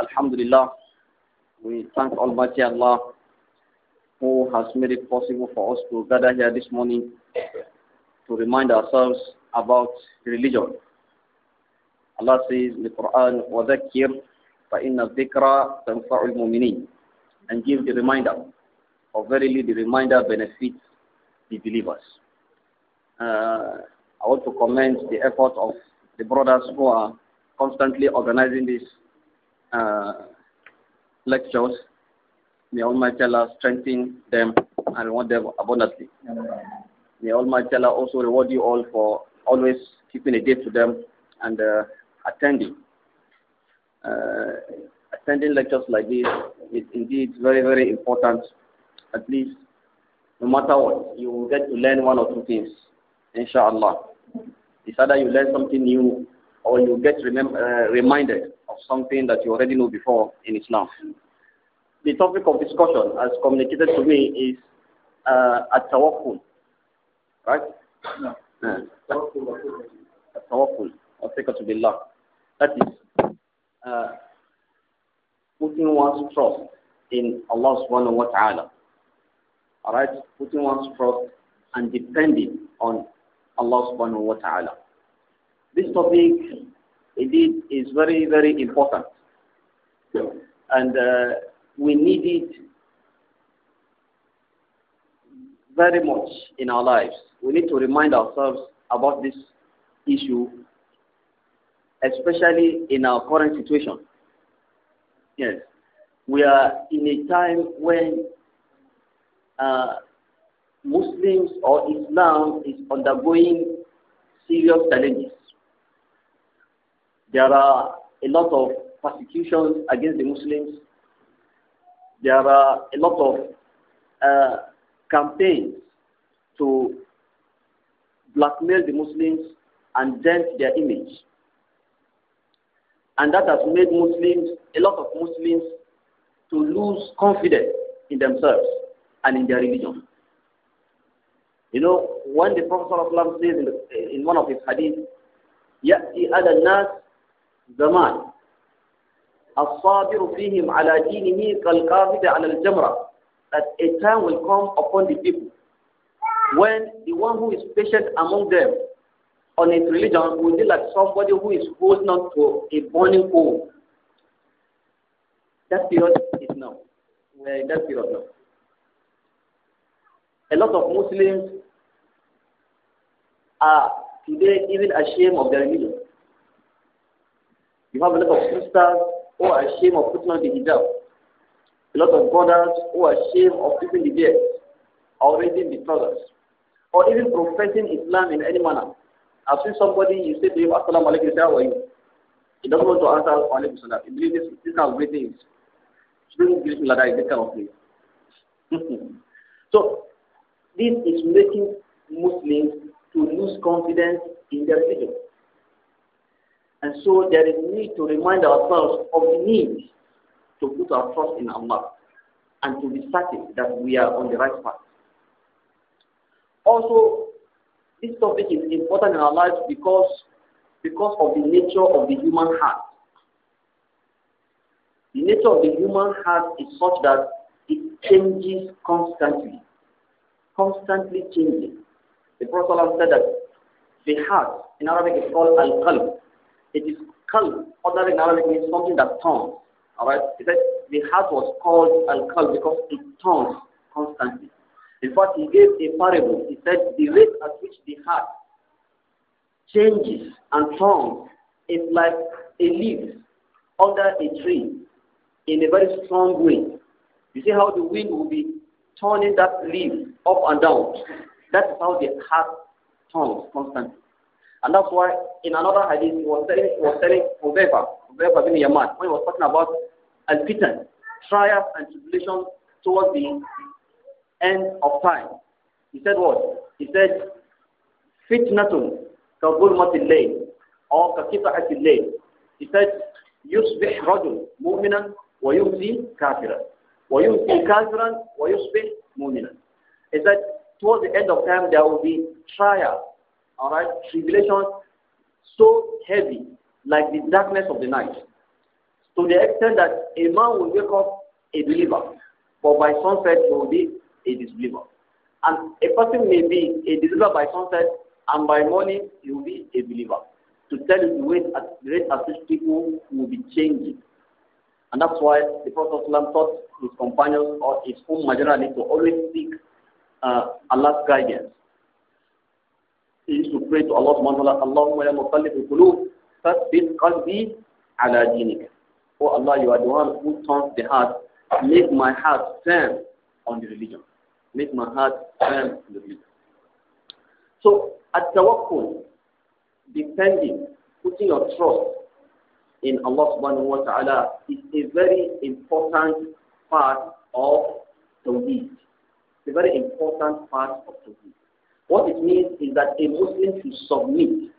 Alhamdulillah, we thank Almighty Allah who has made it possible for us to gather here this morning to remind ourselves about religion. Allah says in the Quran, وَذَكِّرْ فَإِنَّ الذِّكْرَ تَنْفَعُ الْمُؤْمِنِينَ And give the reminder, for verily the reminder benefits the believers. Uh, I want to commend the effort of the brothers who are constantly organizing this uh, lectures. May Almighty Allah strengthen them and reward them abundantly. May Almighty Allah also reward you all for always keeping a date to them and uh, attending. Uh, attending lectures like this is indeed very, very important. At least, no matter what, you will get to learn one or two things, inshallah. It's either you learn something new or you get remem- uh, reminded of something that you already know before in Islam. The topic of discussion, as communicated to me, is uh, at tawakkul, right? No. Uh, at-tawakkul, at tawakkul, or to billah. That is uh, putting one's trust in Allah subhanahu wa ta'ala. Alright? Putting one's trust and depending on Allah subhanahu wa ta'ala. This topic, indeed, is very, very important. And uh, we need it very much in our lives. We need to remind ourselves about this issue, especially in our current situation. Yes, we are in a time when uh, Muslims or Islam is undergoing serious challenges. There are a lot of persecutions against the Muslims. There are a lot of uh, campaigns to blackmail the Muslims and dent their image. And that has made Muslims, a lot of Muslims, to lose confidence in themselves and in their religion. You know, when the Prophet ﷺ says in, the, in one of his hadith, زمان الصابر فيهم على دينه كالقابض على الجمرة that a time will come upon the people when the one who is patient among them on his religion will be like somebody who is holding on to a burning coal. That period is now. We are in that period now. A lot of Muslims are today even ashamed of their religion. You have a lot of sisters who are ashamed of putting on the hijab. A lot of brothers who are ashamed of keeping the beard or raising the trousers or even professing Islam in any manner. I've seen somebody, you say to him, Assalamu alaikum, say, how are you? He doesn't want to answer alaikum salam. He believes this, kind of greeting is. doesn't greet me like that, this kind of thing. so, this is making Muslims to lose confidence in their religion. And so there is need to remind ourselves of the need to put our trust in Allah and to be certain that we are on the right path. Also, this topic is important in our lives because, because of the nature of the human heart. The nature of the human heart is such that it changes constantly, constantly changing. The Prophet said that the heart, in Arabic, is called al-qalb. Qalb, other in Arabic means something that turns. Alright, the heart was called Al Qalb because it turns constantly. In fact, he gave a parable. He said the rate at which the heart changes and turns is like a leaf under a tree in a very strong wind. You see how the wind will be turning that leaf up and down. That's how the heart turns constantly. And that's why in another hadith he was telling he was telling Hudayfa, Hudayfa bin Yaman, when he was talking about al fitan, trials and tribulations towards the end of time. He said what? He said fitnatun كظلمة الليل or كقطعة الليل. He said wa رجل kafiran, wa كافرا kafiran wa ويصبح مؤمنا. He said towards the end of time there will be trials all right, tribulations so heavy, like the darkness of the night, to the extent that a man will wake up a believer, but by sunset he will be a disbeliever. And a person may be a disbeliever by sunset, and by morning he will be a believer. To tell you the way at, the people will be changing. And that's why the Prophet taught his companions or his own majority to always seek uh, Allah's guidance he used to pray to Allah subhanahu wa ta'ala, Allahumma ya muqallib al-qulub, fasbit qalbi ala dinika. Oh Allah, you are the one who turns the heart. Make my heart firm on the religion. Make my heart firm on the religion. So, at tawakkul, depending, putting your trust in Allah subhanahu wa ta'ala is a very important part of Tawheed. It's a very important part of Tawheed. What it means is that a Muslim should submit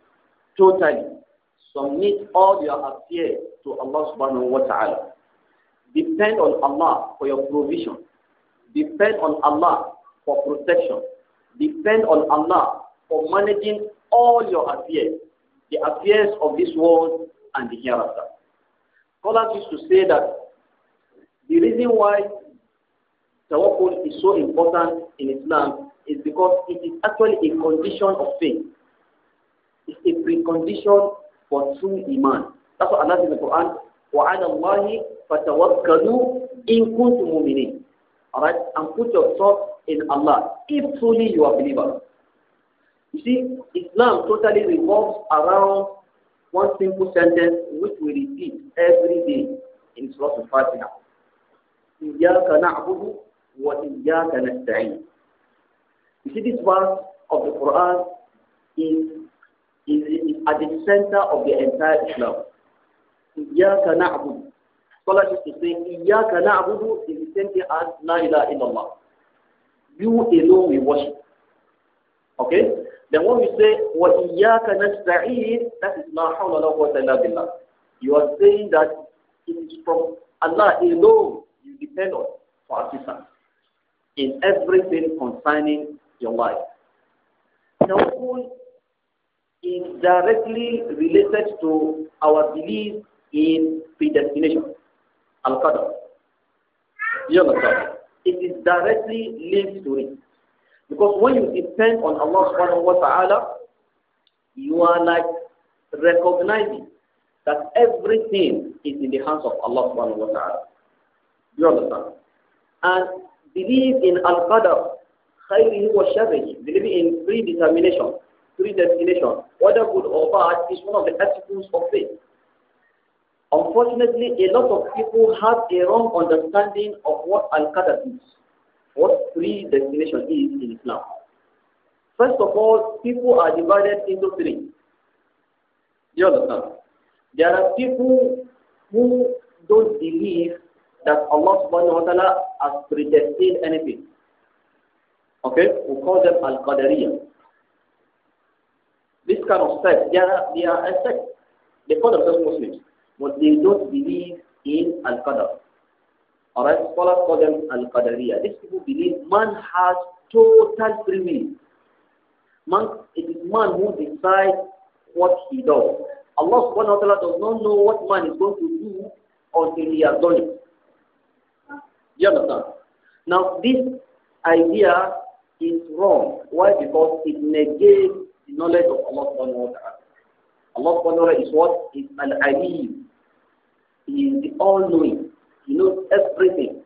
totally, submit all your affairs to Allah subhanahu wa ta'ala. Depend on Allah for your provision. Depend on Allah for protection. Depend on Allah for managing all your affairs, the affairs of this world and the hereafter. Scholars used to say that the reason why tawakkul is so important in Islam is because it is actually a condition of faith. It's a precondition for true iman. That's what Allah says in the Quran. وَعَلَى اللَّهِ فَتَوَكَّلُوا إِن كُنْتُمْ مُؤْمِنِينَ Alright? And put your trust in Allah if truly you are believers. You see, Islam totally revolves around one simple sentence which we repeat every day in Surah Al-Fatiha. إِيَّاكَ نَعْبُدُ وَإِيَّاكَ نَسْتَعِينُ you see, this verse of the Quran is, is, is at the center of the entire Islam. Iyaka na'budu. Scholars used to say, Iyaka na'budu is the same thing as La ilaha illallah. You alone we worship. Okay? Then when we say, Wa Iyaka nasta'in, that is La hawla la quwwata illa billah. You are saying that it is from Allah alone you depend on for assistance in everything concerning your life. Tawakkul is directly related to our belief in predestination, al-qadr. You understand? It is directly linked to it. Because when you depend on Allah subhanahu wa ta'ala, you are like recognizing that everything is in the hands of Allah subhanahu wa ta'ala. You understand? And believe in Al-Qadr خيره وشره believing in predetermination predestination whether good or bad is one of the attributes of faith unfortunately a lot of people have a wrong understanding of what al-qadar is what predestination is in Islam first of all people are divided into three you understand there are people who don't believe that Allah subhanahu wa ta'ala has predestined anything Okay, we call them al Qadariya. This kind of sect, they are, they are a sect. They call themselves Muslims, but they don't believe in Al-Qadar. Alright, scholars call them al Qadariya. These people believe man has total free will. Man, it is man who decides what he does. Allah subhanahu wa ta'ala does not know what man is going to do until he has done it. Do you understand? Now, this idea is wrong. Why? Because it negates the knowledge of Allah subhanahu wa ta'ala. Allah subhanahu wa ta'ala is what? Is al-alim. He is the all-knowing. He knows everything.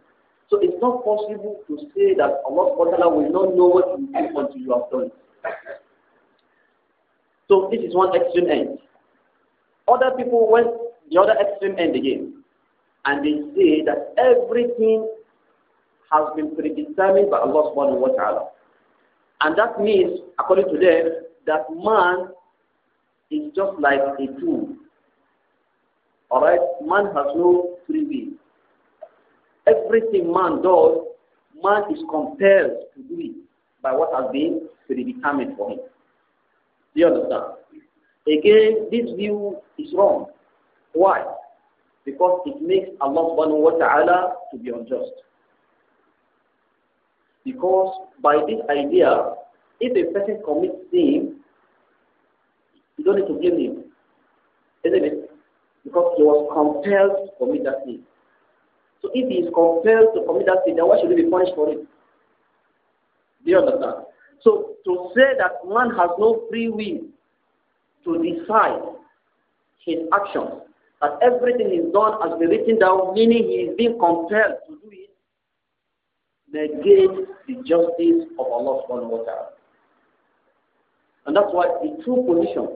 So it's not possible to say that Allah subhanahu wa ta'ala will not know what you do until you have done So this is one extreme end. Other people went the other extreme end again. And they say that everything has been predetermined by Allah subhanahu wa ta'ala. And that means, according to them, that man is just like a tool. Alright? Man has no free will. Everything man does, man is compelled to do it by what has been predetermined for him. Do you understand? Again, this view is wrong. Why? Because it makes Allah subhanahu wa ta'ala to be unjust. Because by this idea, if a person commits sin, you don't need to blame him, isn't it? Because he was compelled to commit that sin. So if he is compelled to commit that sin, then why should he be punished for it? Do you understand? So to say that man has no free will to decide his actions, that everything is done as been written down, meaning he is being compelled to do it negate the justice of Allah subhanahu wa ta'ala. And that's why the true position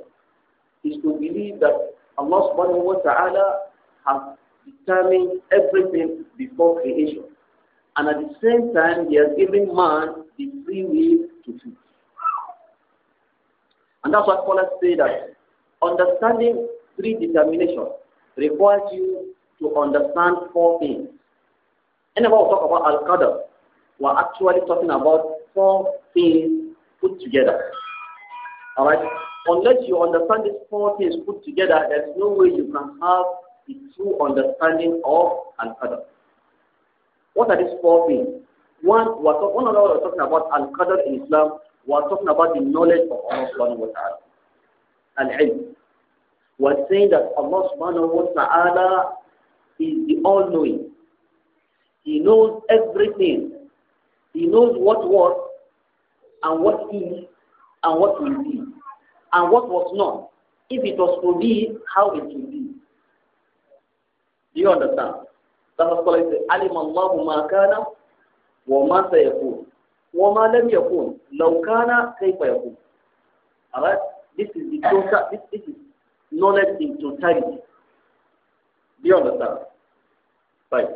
is to believe that Allah subhanahu wa ta'ala has determined everything before creation. And at the same time, he has given man the free will to choose. And that's why scholars say that understanding determination requires you to understand four things. And I will talk about Al-Qadr, we're actually talking about four things put together. All right? Unless you understand these four things put together, there's no way you can have the true understanding of Al-Qadr. What are these four things? One, we're talk, one of we're talking about Al-Qadr in Islam, we're talking about the knowledge of Allah subhanahu wa ta'ala. Al-Ilm. We're saying that Allah subhanahu wa ta'ala is the all-knowing. He knows everything he knows what was and what is and what will be and what was not. If it was to be, how it will be. Do you understand? That's what scholars say. Alim Allahu ma kana wa ma sayakun wa ma lam yakun law kana kayfa yakun. All right? This is the total. This, this is knowledge in totality. Do you understand? Right.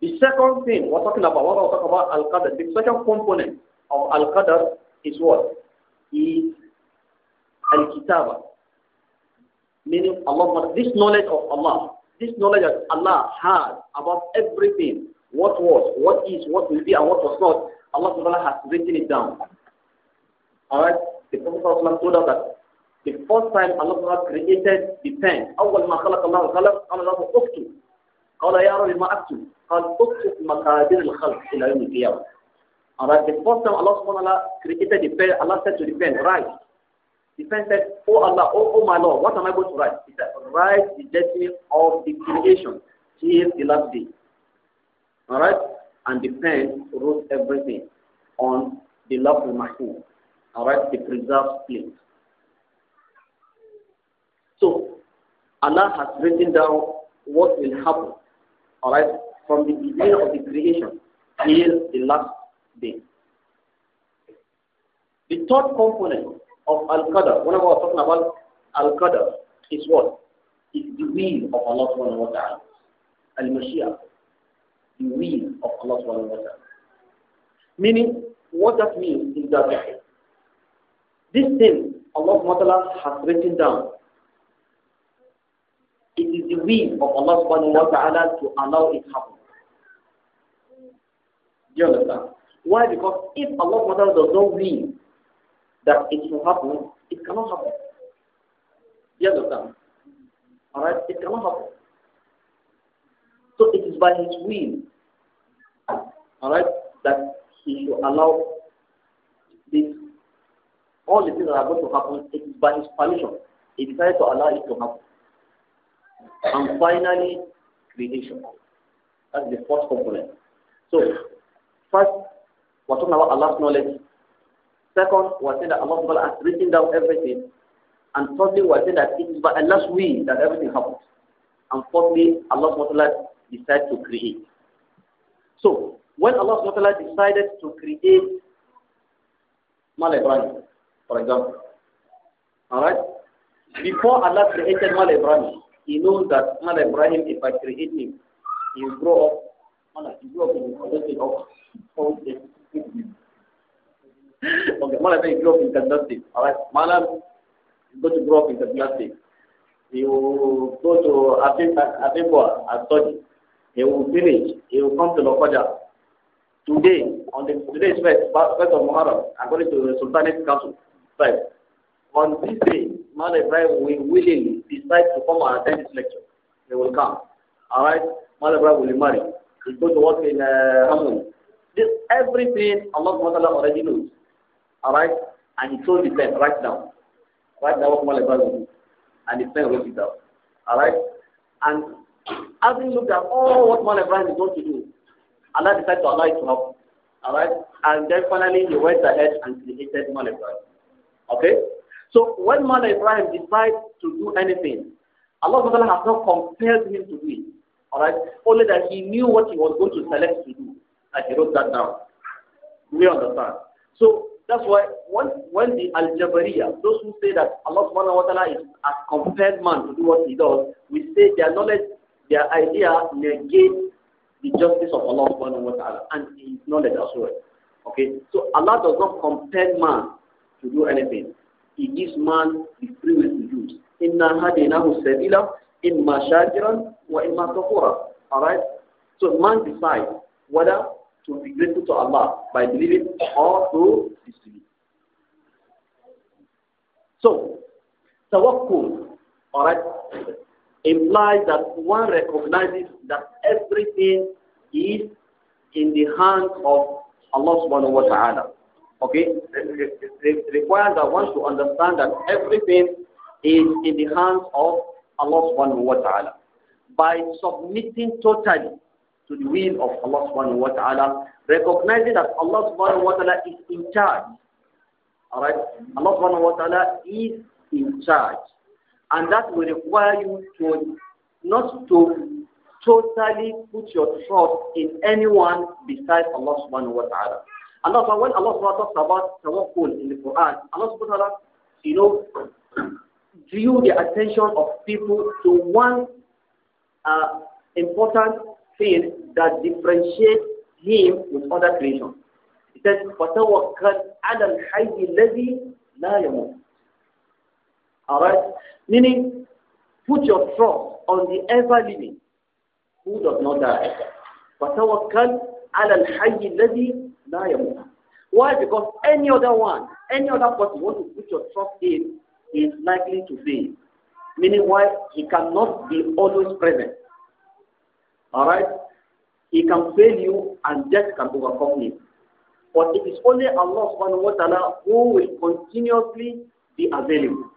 The second thing we're talking about, what we're talking about Al-Qadr, the second component of Al-Qadr is what? Is Al-Kitaba. Meaning Allah, this knowledge of Allah, this knowledge that Allah has about everything, what was, what is, what will be, and what was not, Allah Ta'ala has written it down. Alright? The Prophet told us that the first time Allah created the pen, أول ما خلق الله القلم قال يا رب ما أكتب قال اكتب مقادير الخلق إلى يوم القيامة And that the first time Allah subhanahu wa ta'ala created the pen, Allah said to the pen, write. The pen said, Oh Allah, oh, oh my Lord, what am I going to write? He said, write the destiny of the creation till the last day. Alright? And the pen wrote everything on the lawful mahfuz. Alright? The preserved plate. So, Allah has written down what will happen all right, from the beginning of the creation till the last day. The third component of Al-Qadr, when we are talking about Al-Qadr, is what? It's the will of Allah subhanahu wa ta'ala. Al-Mashiach, the will of Allah subhanahu wa ta'ala. Meaning, what that means is that this thing Allah subhanahu wa ta'ala has written down will of Allah subhanahu wa ta'ala to allow it happen. Do you understand? Why? Because if Allah subhanahu wa ta'ala does not will that it will happen, it cannot happen. Do you understand? Alright? It cannot happen. So it is by His will, alright, that He should allow this, all the things that are going to happen, it is by His permission. He decided to allow it to happen. And finally, creation. That's the fourth component. So, first, we're talking about Allah's knowledge. Second, we're saying that Allah has written down everything. And thirdly, we're saying that it is by Allah's will that everything happens. And fourthly, Allah decides to create. So, when Allah decided to create Mal Ibrahim, for example, alright, before Allah created Mal Ibrahim, he knows that Mother Ibrahim, if I create him, he will grow up. Mother, he grew up in Kazakhstan. Okay, okay. Mother, he grew up in Kazakhstan. All right, Mother is going to grow up in Kazakhstan. He will go to Afibwa and study. He will finish. He will come to Lokoja. Today, on the today's first, first of Muharram, according to the Sultanate Council, right? On this day, Mother Ibrahim will willingly decide to come and attend this lecture. They will come. Alright? Mother Ibrahim will marry. He'll go to work in uh, Hamun. This everything Allah SWT already knows. Alright? And he told his friend, right now. Right now what Mother Ibrahim will do. And his friend wrote it down. Alright? And having looked at all what Mother Ibrahim is going to do, Allah decided to allow it to happen. Alright? And then finally he went ahead and created Mother Ibrahim. Okay? So when man Ibrahim decides to do anything, Allah Subhanahu has not compelled him to do it. Alright? Only that he knew what he was going to select to do. And he wrote that down. We understand. So that's why when, when the Al Jabariya, those who say that Allah subhanahu wa ta'ala is has compelled man to do what he does, we say their knowledge, their idea negates the justice of Allah subhanahu wa ta'ala and his knowledge as well. Okay? So Allah does not compel man to do anything. He gives man the free will to choose. Inna hadinahu sabila, imma shakiran, wa imma kafura. Alright? So man decides whether to be grateful to Allah by believing or to disbelieve. So, tawakkul, alright, implies that one recognizes that everything is in the hands of Allah subhanahu wa ta'ala. Okay? It requires that one to understand that everything is in the hands of Allah subhanahu wa ta'ala. By submitting totally to the will of Allah subhanahu wa ta'ala, recognizing that Allah subhanahu wa ta'ala is in charge. Alright? Allah subhanahu wa ta'ala is in charge. And that will require you to not to totally put your trust in anyone besides Allah subhanahu wa ta'ala. Allah when Allah talks about tawakkul in the Quran, Allah subhanahu you know, drew the attention of people to one uh, important thing that differentiates him with other creation. He says, فَتَوَكَّلْ عَلَى الْحَيِّ الَّذِي لَا يَمُوتُ Alright? Meaning, put your trust on the ever-living who does not die. فَتَوَكَّلْ عَلَى الْحَيِّ الَّذِي why? Because any other one, any other person you want to put your trust in is likely to fail. Meaning why? He cannot be always present. Alright? He can fail you and death can overcome him. But it is only Allah subhanahu wa ta'ala who will continuously be available.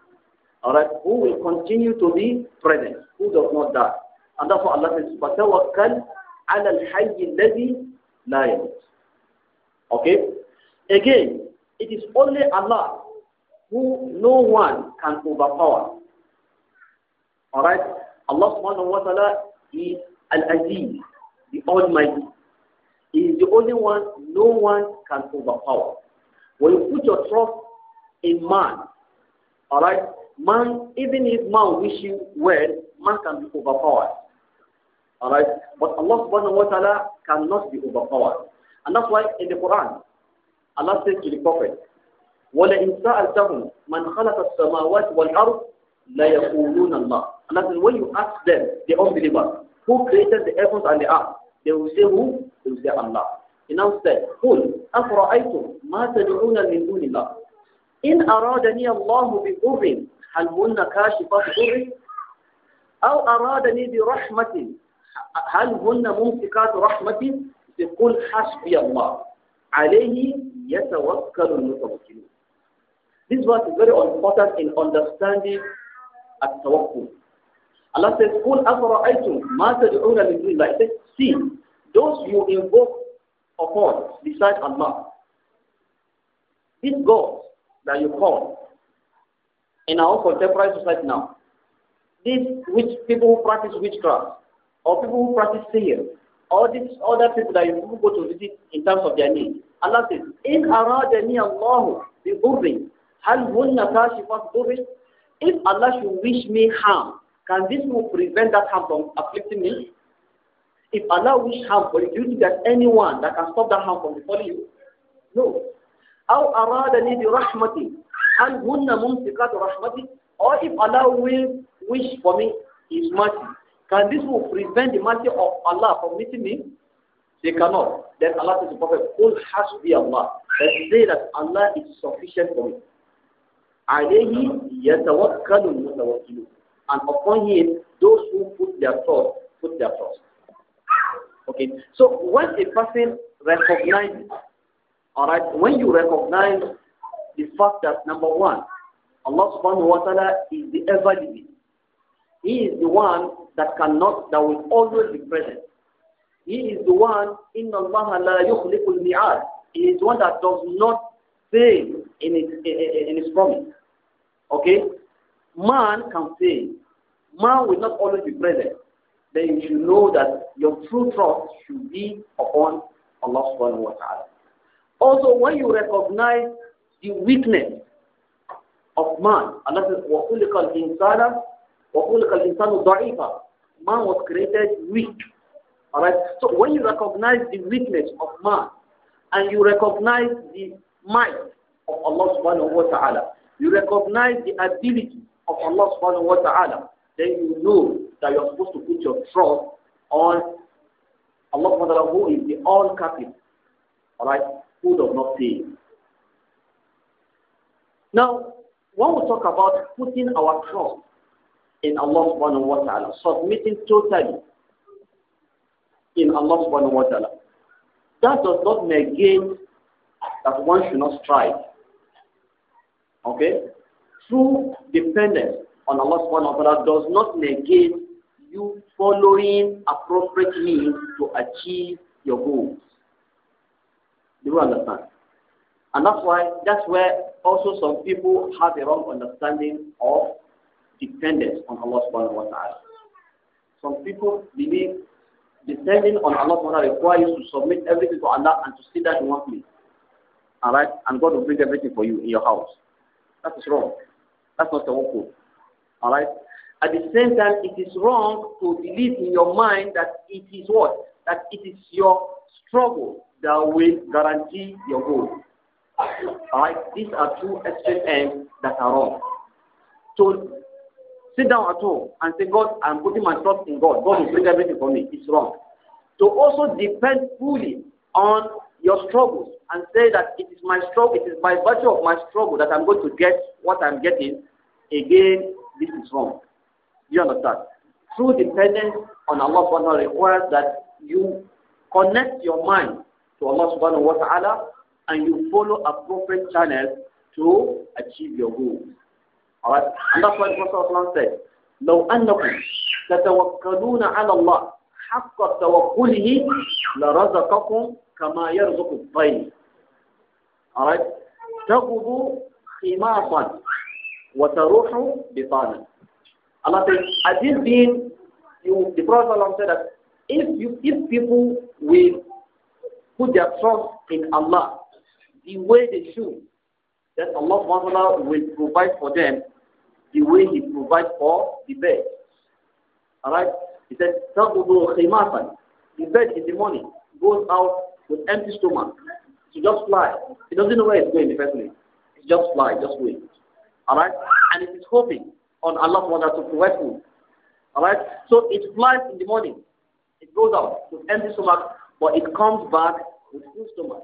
Alright? Who will continue to be present, who does not die. And that's what Allah says, فَتَوَكَّلْ عَلَى الْحَيِّ الَّذِي لَا يَمُوتُ Okay? Again, it is only Allah who no one can overpower. Alright? Allah subhanahu wa ta'ala is Al-Aziz, the Almighty. He is the only one no one can overpower. When you put your trust in man, alright, man, even if man wishes well, man can be overpowered. Alright? But Allah subhanahu wa ta'ala cannot be overpowered. And that's why in the Quran, Allah says to the Prophet, وَلَئِنْ سَأَلْتَهُمْ مَنْ خَلَقَ السَّمَاوَاتِ وَالْأَرْضِ لَيَقُولُونَ اللَّهِ And that's when you ask them, the unbelievers, who created the heavens and the earth, they will say who? They will say Allah. He now said, قُلْ أَفْرَأَيْتُمْ مَا تَدْعُونَ مِنْ دُونِ اللَّهِ إِنْ أَرَادَنِيَ اللَّهُ بِقُرٍ هل هن كَاشِفَةُ قُرٍ أو أرادني برحمة هل هن ممسكات رَحْمَةٍ They call Hashbi Allah. Alayhi yatawakkalu mutawakkilu. This verse is very important in understanding at-tawakkul. Allah says, Qul afara'aytum ma tad'una min dunillah. He says, see, those you invoke upon besides Allah, these gods that you call in our contemporary society now, these which people who practice witchcraft or people who practice sin, all these other people that you go to visit in terms of their needs. Allah says, In إِنْ أَرَادَنِي اللَّهُ بِضُرٍّ هَلْ هُنَّ كَاشِفَاتُ ضُرٍّ If Allah should wish me harm, can this move prevent that harm from afflicting me? If Allah wish harm for you, do you think there's anyone that can stop that harm from befalling you? No. aradani bi rahmati, hal هُنَّ مُمْسِكَاتُ rahmati. Or if Allah will wish for me His mercy, can this will prevent the mercy of Allah from meeting me? They cannot. Then Allah says to the Prophet, to be Allah. That say that Allah is sufficient for me. And upon him, those who put their trust, put their trust. Okay. So when a person recognizes, alright, when you recognize the fact that number one, Allah subhanahu wa ta'ala is the ever living. He is the one that cannot, that will always be present. He is the one, in Allah la yukhliqul mi'ad. He is one that does not fail in his, in his promise. Okay? Man can fail. Man will not always be present. Then you should know that your true trust should be upon Allah subhanahu wa ta'ala. Also, when you recognize the weakness of man, Allah says, وَخُلِقَ الْإِنسَانَ وَخُلِقَ الْإِنسَانُ ضَعِيفًا man was created weak. Alright? So when you recognize the weakness of man and you recognize the might of Allah subhanahu wa ta'ala, you recognize the ability of Allah subhanahu wa ta'ala, then you know that you're supposed to put your trust on Allah subhanahu wa ta'ala who is the all capable. Alright? Who does not fail. Now, when we talk about putting our trust in Allah subhanahu wa ta'ala, submitting totally in Allah subhanahu wa ta'ala. That does not negate that one should not strive. Okay? True dependence on Allah subhanahu wa ta'ala does not negate you following appropriate means to achieve your goals. Do you understand? And that's why that's where also some people have a wrong understanding of dependent on Allah subhanahu wa ta'ala. Some people believe depending on Allah subhanahu requires you to submit everything to Allah and to sit down in one place. Alright? And God will bring everything for you in your house. That is wrong. That's not the tawakkul. Alright? At the same time, it is wrong to believe in your mind that it is what? That it is your struggle that will guarantee your goal. Alright? These are two extreme ends that are wrong. So sit down at home and say, God, I'm putting my trust in God. God will bring everything for me. It's wrong. To also depend fully on your struggles and say that it is my struggle, it is by virtue of my struggle that I'm going to get what I'm getting, again, this is wrong. Do you understand? True dependence on Allah subhanahu wa ta'ala requires that you connect your mind to Allah subhanahu wa ta'ala and you follow appropriate channels to achieve your goals. Alright? And that's why the Prophet said, لو أنكم تتوكلون على الله حق توكله لرزقكم كما يرزق الطير. Alright? تغدو خماصا وتروح بطانا. Allah says, at this being, you, the Prophet said that if, you, if people will put their trust in Allah the way they should, that Allah will provide for them the way he provides for the bed. Alright? He said, Tabudu khimatan. The bed in the morning goes out with empty stomach to just fly. He doesn't know where it's going definitely. It's just fly, just wait. Alright? And it is hoping on Allah SWT to provide food. Alright? So it flies in the morning. It goes out with empty stomach, but it comes back with full stomach.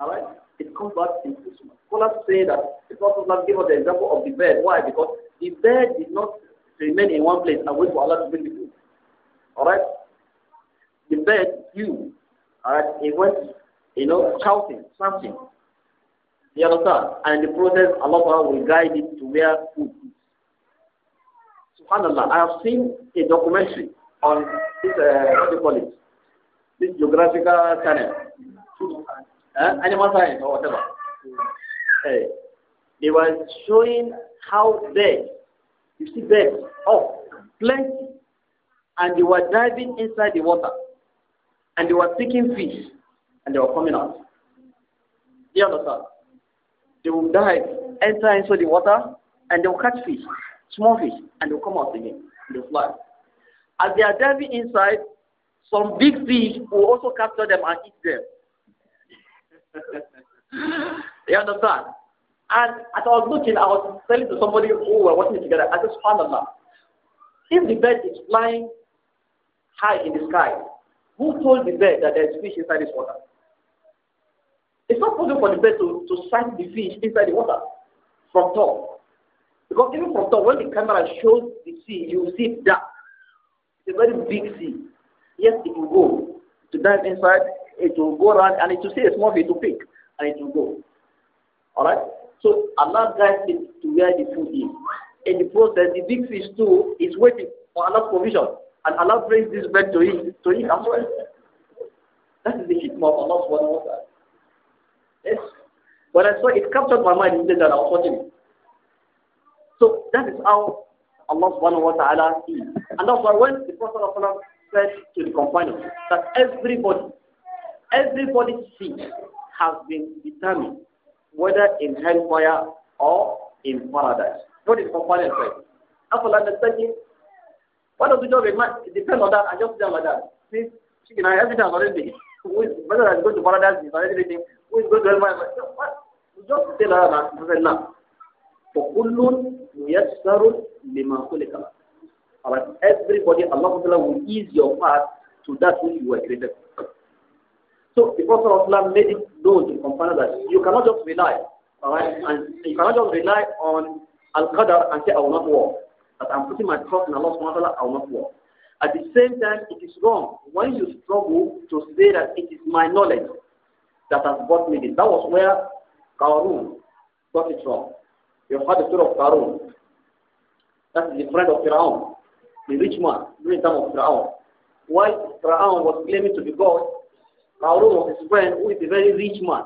Alright? It comes back in two Scholars say that the Prophet gave us the example of the bird. Why? Because the bird did not remain in one place and wait for Allah to bring the food. Alright? The bird flew. Alright? It went, you know, shouting, something. You understand? And in the process, Allah will guide it to where food is. Subhanallah, I have seen a documentary on this, uh, what do you call it? This geographical channel uh, animal science or whatever. Uh, they were showing how birds, you see birds, oh, plenty, and they were diving inside the water, and they were taking fish, and they were coming out. You understand? They will dive, enter into the water, and they will catch fish, small fish, and they will come out again, they will fly. As they are diving inside, some big fish will also capture them and eat them. you understand? And as I was looking, I was telling to somebody who were watching together, I said, SubhanAllah, if the bird is flying high in the sky, who told the bird that there is fish inside this water? It's not possible for the bird to, to sight the fish inside the water from top. Because even from top, when the camera shows the sea, you see that. dark. It's a very big sea. Yes, it will go to dive inside it will go around and it will see a small fish to pick and it will go. Alright? So Allah guides it to where the food is. In the process, the big fish too is waiting for Allah's provision. And Allah brings this bread to him, to eat as well. That is the hikmah of Allah's water. Yes. But I saw it captured my mind in the that I was watching it. So that is how Allah subhanahu wa ta'ala is. And that's why when the Prophet said to the companions that everybody everybody's seat has been determined, whether in hellfire or in paradise. What is companion faith? After understanding, what does the job It depends on that. I just tell like that. See, you know, every Everything already, who is, whether I'm going to paradise, is already reading, who is going to hellfire. What? You just tell her that. I said, no. فَكُلٌّ مُيَسَّرٌ لِمَا خُلِقَ Alright, everybody, Allah will ease your path to that which you were created for. So the Prophet of Islam made it known to the companions that you cannot just rely, alright, and you cannot just rely on Al Qadr and say I will not walk. That I'm putting my trust in Allah subhanahu wa ta'ala, I will not walk. At the same time, it is wrong when you struggle to say that it is my knowledge that has brought me this. That was where Karun got it from. You heard the story of Karun. That is the friend of Fir'aun, the rich man during the time of Fir'aun. While Fir'aun was claiming to be God, Harun was his friend who is a very rich man.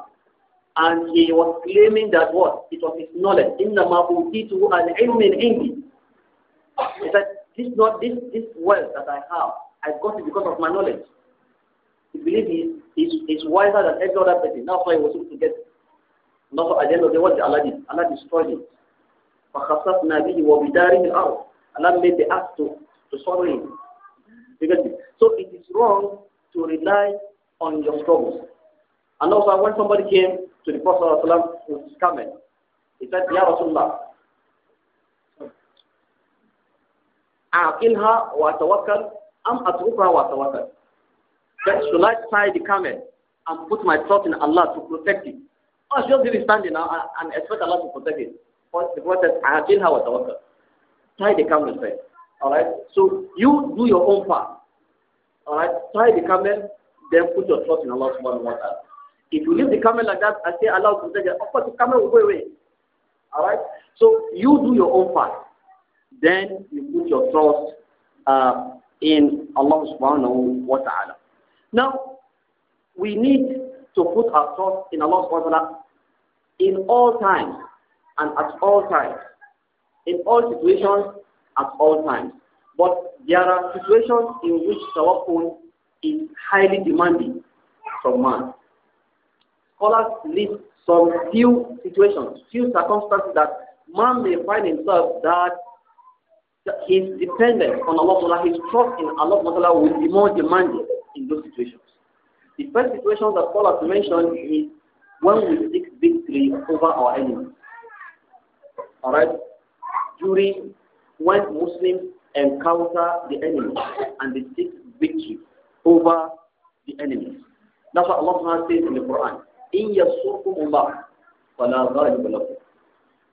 And he was claiming that what? It was his knowledge. إِنَّمَا and عَنْ عِلْمٍ عِنْدِي He said, this, not, this, this wealth that I have, I got it because of my knowledge. He believed he is, is wiser than every other person. That's why he was able to get it. Not at the end of the world, Allah did. Allah destroyed it. فَخَصَفْنَا بِهِ وَبِدَارِهِ الْأَرْضِ Allah made the earth to, to sorrow him. So it is wrong to rely on your struggles. And also when somebody came to the Prophet ﷺ with his camel, he said, Ya Rasulullah, I am أم أتركها وأتوكل That should I tie the camel and put my trust in Allah to protect it? Or oh, should I be standing now uh, and expect Allah to protect it? But the Prophet said, I وأتوكل Tie the camel first. Alright? So you do your own part. Alright? Tie the camel then put your trust in Allah subhanahu wa ta'ala. If you leave the camel like that and say Allah will protect of course the camel will go away. Alright? So you do your own part. Then you put your trust uh, in Allah subhanahu wa ta'ala. Now, we need to put our trust in Allah subhanahu wa ta'ala in all times and at all times. In all situations, at all times. But there are situations in which tawakkul is highly demanding from man. Scholars list some few situations, few circumstances that man may find himself that his dependence on Allah, his trust in Allah will be more demanding in those situations. The first situation that Paul has mentioned is when we seek victory over our enemies. Alright? During when Muslims encounter the enemy and they seek victory over the enemies. That's what Allah says in the Quran. إن يسركم الله فلا غالب لكم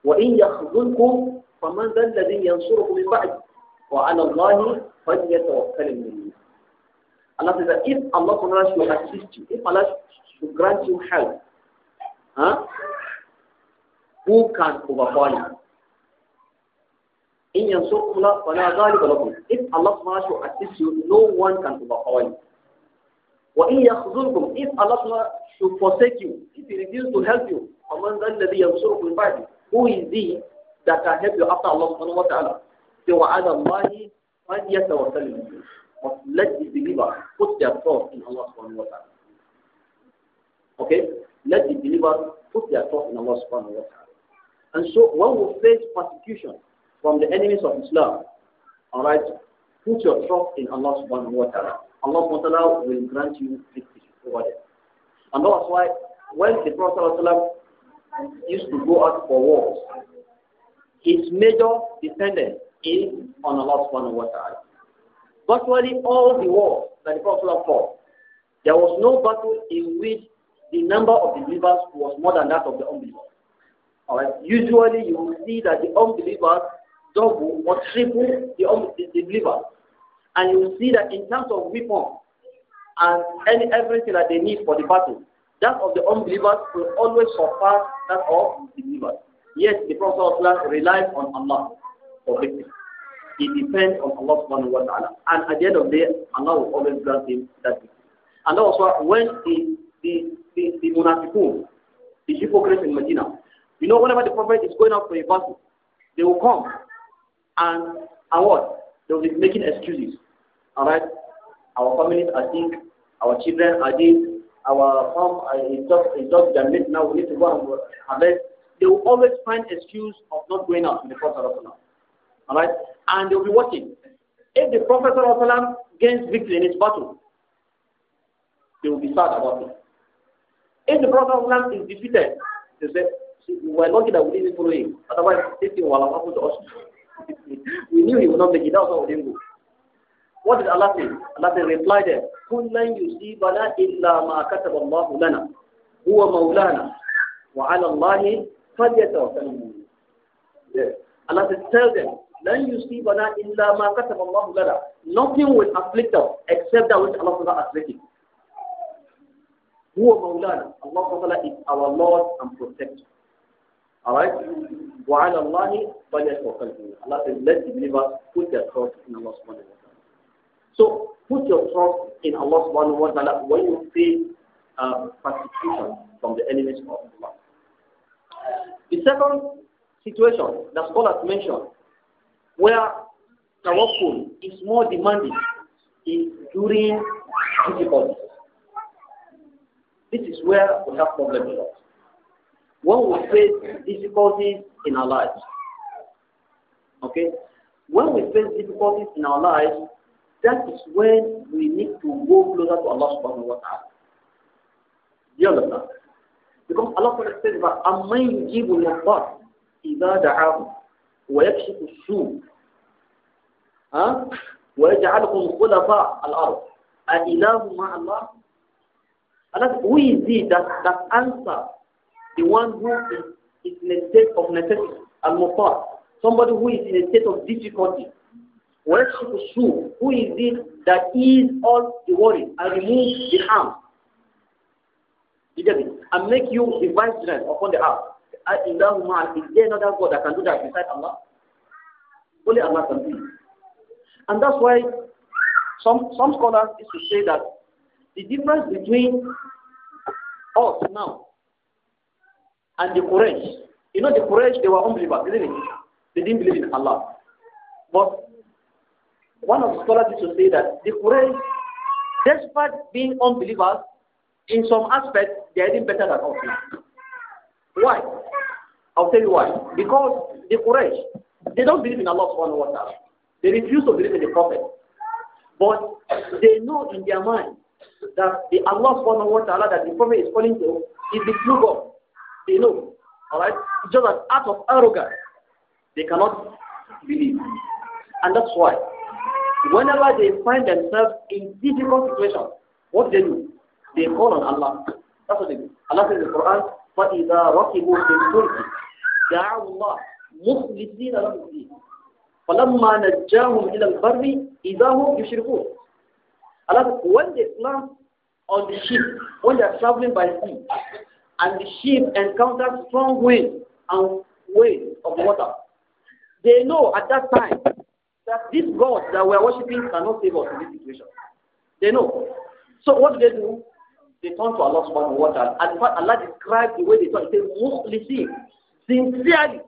وإن يخذلكم فمن ذا الذي ينصركم من بعد وعلى الله فليتوكل المؤمنون Allah says that if Allah subhanahu wa ta'ala should assist you, if Allah should grant you help, huh, who can overpower you? إن ينصركم الله فلا غالب لكم إذ الله سبحانه شو أسس يو نو وان كان تبقوني وإن يخذلكم إذ الله سبحانه شو فوسيك يو إذ يريدون تو هيلب يو أمان ذا الذي ينصركم من بعد هو ذي ذا كان هيلب يو أبطى الله سبحانه وتعالى سوى على الله فان يتوكل let the believer put their trust in Allah subhanahu wa ta'ala. Okay? Let the believer put their trust in Allah subhanahu wa ta'ala. And so when we face persecution, from the enemies of Islam. Alright? Put your trust in Allah subhanahu wa ta'ala. Allah subhanahu wa ta'ala will grant you victory over them. And was why when the Prophet used to go out for wars, his major dependence is on Allah subhanahu wa ta'ala. Virtually all the wars that the Prophet fought, there was no battle in which the number of the believers was more than that of the unbelievers. Alright. Usually you will see that the unbelievers double or triple the, um, the believer. And you see that in terms of weapons and any, everything that they need for the battle, that of the unbelievers um, will always surpass that of the believers. Yes, the Prophet relies on Allah for victory. It depends on Allah subhanahu wa ta'ala. And at the end of the day, Allah will always grant him that victory. And also, when the, the, the, the munafiqun, the hypocrites in Medina, you know, whenever the Prophet is going out for a battle, they will come and, and what? They will be making excuses. Alright? Our families are sick, our children are dead, our farm uh, is just, is just damaged now, we need to go and harvest. They will always find excuse of not going out in the Prophet Alright? And they will be watching. If the Prophet gains victory in his battle, they will be sad about it. If the Prophet is defeated, they say, we are lucky that we didn't follow him. Otherwise, this thing will happen to us we knew he would not make it. That's why we didn't What did Allah say? Allah said, reply them. قُلْ لَنْ يُصِيبَنَا إِلَّا مَا كَتَبَ اللَّهُ لَنَا هُوَ مَوْلَانَا وَعَلَى اللَّهِ فَلْيَتَوَكَّلِ الْمُؤْمِنُونَ Allah said, tell them, لَنْ يُصِيبَنَا إِلَّا مَا كَتَبَ اللَّهُ لَنَا Nothing will afflict us except that which Allah has afflicted. هُوَ مَوْلَانَا Allah is our Lord and protector. Alright? وَعَلَى اللَّهِ فَلْيَتَوَكَّلْ Allah says, let the believers put their trust in Allah subhanahu wa ta'ala. So, put your trust in Allah subhanahu wa ta'ala when you face uh, persecution from the enemies of Allah. The second situation that scholars mention, where tawakkul is more demanding, is during difficulties. This is where we have problems when we face difficulties in our lives. Okay? When we face difficulties in our lives, that is when we need to go closer to Allah subhanahu wa ta'ala. Do you understand? Because Allah says that أَمَّنْ يُجِيبُ الْمُضْطَرَ إِذَا دَعَاهُ وَيَكْشِفُ السُّوءَ ها ويجعلكم خلفاء الأرض أإله مع الله Allah who is he that, that answers the one who is, in a state of necessity, al mufar somebody who is in a state of difficulty. Worship who is it that is all the worry and remove the harm? You get it? And make you the vicegerent upon the earth. In that man, is there another God that can do that besides Allah? Only Allah can do And that's why some, some scholars used to say that the difference between us now and the Quraysh. You know, the Quraysh, they were unbelievers, not They didn't believe in Allah. But one of the scholars used to say that the Quraysh, despite being unbelievers, in some aspects, they are even better than us. Why? I'll tell you why. Because the Quraysh, they don't believe in Allah subhanahu wa ta'ala. They refuse to believe in the Prophet. But they know in their mind that the Allah subhanahu wa ta'ala that the Prophet is calling to is the true God. They know. Alright? It's Just an act of arrogance. They cannot believe. And that's why, whenever they find themselves in difficult situations, what they do? They call on Allah. That's what they do. Allah says in the Quran, فَإِذَا رَكِبُوا فِي الْفُلْكِ دَعَوُوا اللَّهِ مُخْلِصِينَ لَهُ الدِّينَ فَلَمَّا نَجَّاهُمْ إِلَى الْبَرِّ إِذَا هُمْ يُشْرِكُونَ Allah says, when they plant on the ship, when they are traveling by sea, and the ship encountered strong wind and waves of water. They know at that time that this God that we are worshipping cannot save us in this situation. They know. So what do they do? They turn to Allah subhanahu wa ta'ala. And in fact, Allah describes the way they turn. He says, Muslim, sincerely.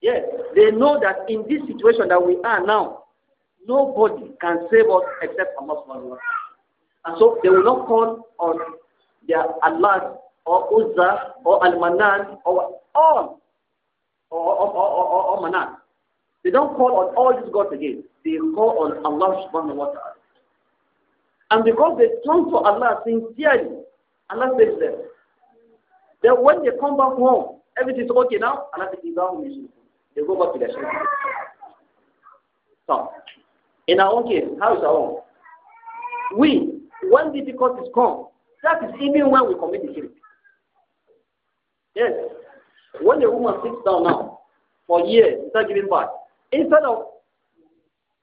Yes, they know that in this situation that we are now, nobody can save us except Allah subhanahu wa ta'ala. And so they will not call on their Allah's or Uzza or Al-Manan or all or, or, or, or, or Manan. They don't call on all these gods again. They call on Allah subhanahu wa ta'ala. And because they turn to Allah sincerely, Allah saves them. Then when they come back home, everything's okay now, Allah says, They go back to their shirk. So, in our own case, how is our own? We, when difficulties come, that is even when we commit the shirk. Yes. When a woman sits down now for years without giving birth, instead of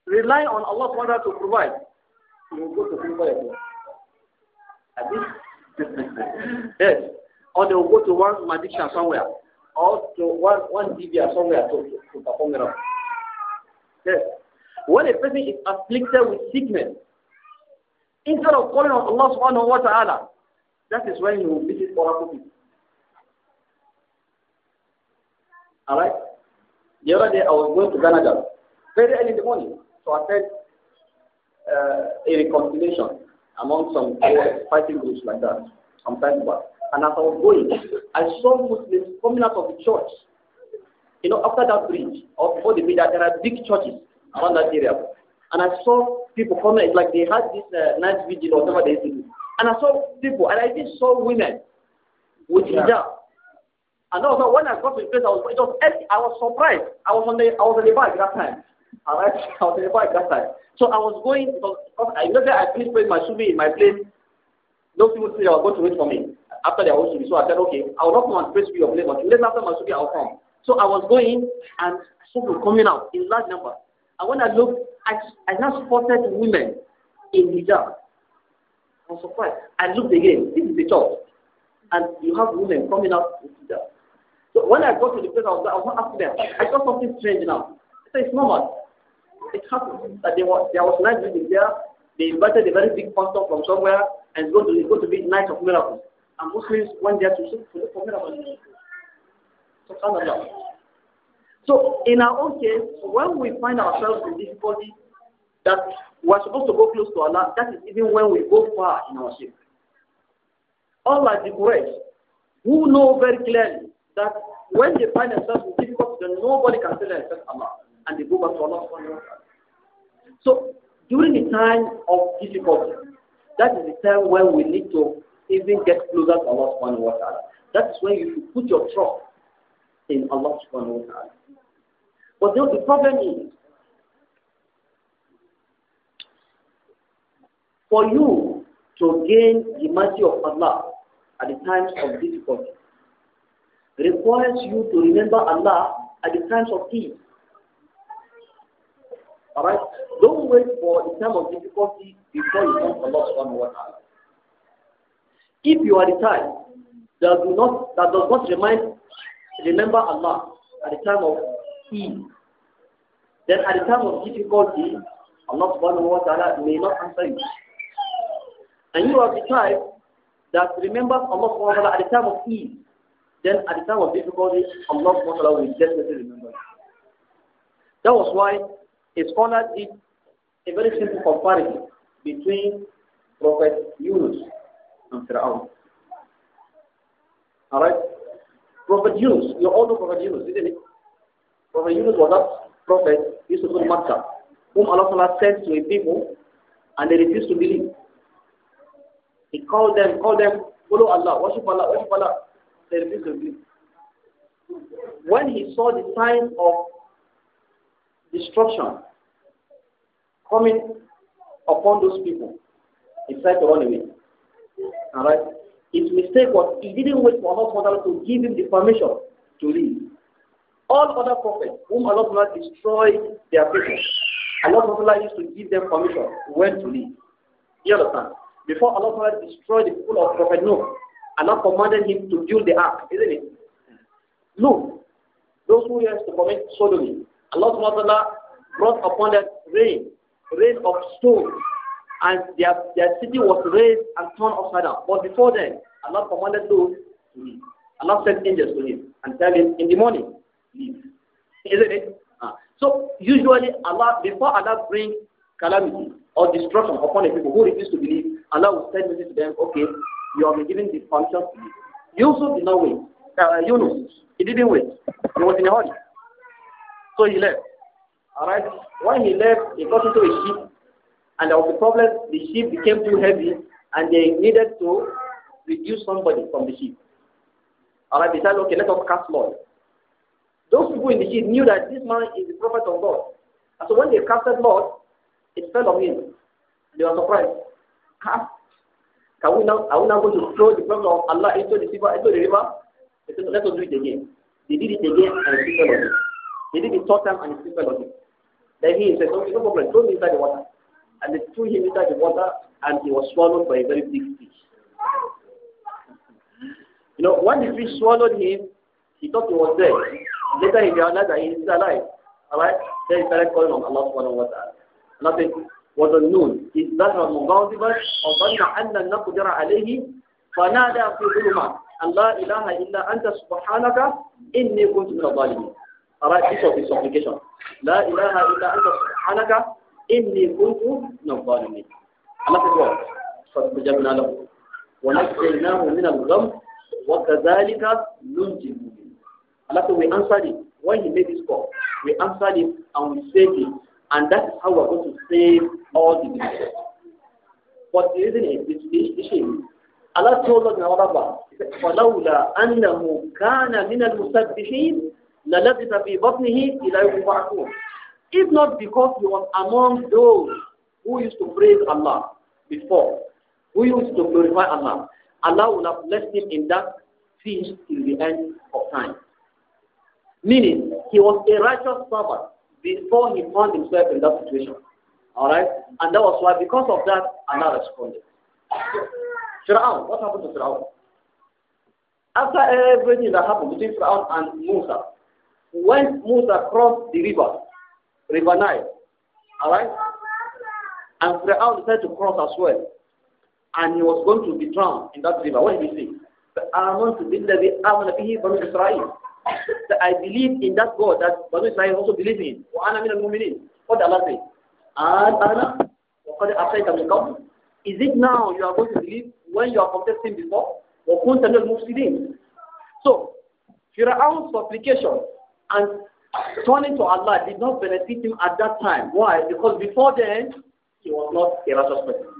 relying on Allah SWT to provide, you will go to people like that. yes. Or they will go to one magician somewhere, or to one, one divya somewhere to, to, to perform it. Yes. When a person is afflicted with sickness, instead of calling on Allah subhanahu wa ta'ala, that is when you will visit oracle people. All right? The other day I was going to Canada very early in the morning to attend uh, a reconciliation among some fighting groups like that, sometimes back. And as I was going, I saw Muslims coming out of the church. You know, after that bridge, or before the bridge, there are big churches around that area. And I saw people coming, it's like they had this uh, nice vigil or whatever they used do. And I saw people, and I even saw women with hijab. Yeah. And also when I got to the place, I was it was empty. I was surprised. I was on the I was on the bike that time. Alright, I was on the bike that time. So I was going because, because I know that I finished playing my shumi in my plane. Those people said they were oh, going to wait for me after their own shumi. So I said, okay, I will not come and face your plane, but later after my shumi, I'll come. So I was going and people coming out in large number. And when I looked, I I now spotted women in hijab. I was surprised. I looked again. This is the church. And you have women coming out in hijab. So when I got to the place, I was, I want to asking them. I saw something strange now. So it's normal. It happened that they were, there was night music there. They invited a very big pastor from somewhere, and it's going to, it's going to be night of miracles. And Muslims went there to look for, for miracles. So in our own case, when we find ourselves in difficulty that we're supposed to go close to Allah, that is even when we go far in our shirk. Unlike the Quraysh, who know very clearly that when they find themselves in difficulty, then nobody can save them except Allah. And they go back to Allah subhanahu So during the time of difficulty, that is the time when we need to even get closer to Allah subhanahu wa ta'ala. That's when you should put your trust in Allah subhanahu wa ta'ala. But you know, the problem is, for you to gain the mercy of Allah at the times of difficulty, requires you to remember Allah at the times of peace. Alright? Don't wait for the time of difficulty before you come to Allah subhanahu wa ta'ala. If you are the type that, do not, that does not remind, remember Allah at the time of peace, then at the time of difficulty, Allah subhanahu wa ta'ala may not answer you. And you are the type that remembers Allah subhanahu wa ta'ala at the time of ease then at the time of difficulty, Allah SWT will definitely remember That was why a scholar did a very simple comparison between Prophet Yunus and Fir'aun. Alright? Prophet Yunus, you all know Prophet Yunus, isn't it? Prophet Yunus was that prophet, Yusuf al Makkah, whom Allah sent to a people and they refused to believe. He called them, called them, follow Allah, worship Allah, worship Allah. When he saw the sign of destruction coming upon those people, he tried to run away. Alright? His mistake was he didn't wait for Allah to give him the permission to leave. All other prophets whom Allah destroyed their people, Allah used to give them permission when to leave. You understand? Before Allah destroyed the people of Prophet Noah, Allah commanded him to build the ark, isn't it? Look, those who used to commit sodomy, Allah brought upon them rain, rain of stones, and their, their city was raised and torn upside down. But before then, Allah commanded those, to leave. Allah sent angels to him and tell him in the morning, leave. Isn't it? Uh, so usually Allah, before Allah brings calamity or destruction upon the people who refuse to believe, Allah will send message to them, okay, you have giving given the function to You Yusuf did not wait. Uh, Yunus, he didn't wait. He was in a hurry. So he left. Alright? When he left, he got into a ship, and there was a problem. The ship became too heavy, and they needed to reduce somebody from the ship. Alright, they said, okay, let us cast lot. Those people in the ship knew that this man is the prophet of God. And so when they casted lot, it fell on him. They were surprised. Cast can we now, are we now going to throw the problem of Allah into the, river, into the river? They let us do it again. They did it again and it fell on him. They did it third time and it fell on him. Then he said, okay, no problem, throw me inside the water. And they threw him inside the water and he was swallowed by a very big fish. You know, when the fish swallowed him, he thought he was dead. Later he realized that he is alive. Alright? Then he started calling on Allah subhanahu wa ta'ala. And said, وظنون إذ ذهب مغاضبا وظن أن لن نقدر عليه فنادى في ظلمات أن لا إله إلا أنت سبحانك إني كنت من الظالمين Alright, this is his لا إله إلا أنت سبحانك إني كنت من الظالمين. Allah said what? فاستجبنا له ونجيناه من الغم وكذلك ننجي المؤمنين. Allah said we answered him when he made this call. We answered him and we saved him And that is how we're going to save all the nations. But the reason is, this issue Allah told us in another verse, فَلَوْلَا أَنَّهُ كَانَ مِنَ الْمُسَبِّحِينَ لَلَبِثَ فِي بَطْنِهِ إِلَى يَوْمِ If not because he was among those who used to praise Allah before, who used to glorify Allah, Allah would have blessed him in that feast till the end of time. Meaning, he was a righteous servant before he found himself in that situation. Alright? And that was why, because of that, Allah responded. Fir'aun, what happened to Fir'aun? After everything that happened between Fir'aun and Musa, when Musa crossed the river, River Nile, alright? And Fir'aun decided to cross as well. And he was going to be drowned in that river. What did he say? فآمنت بالذي آمن به بنو إسرائيل that I believe in that God that Banu Israel also believe in. وَأَنَا مِنَ What Allah says? And Allah, وَقَدْ أَفْلَيْتَ مِنْ قَبْلِ Is it now you are going to believe when you are contesting before? وَكُنْتَ مِنَ الْمُفْسِدِينَ So, Fir'aun's supplication and turning to Allah did not benefit him at that time. Why? Because before then, he was not a righteous person.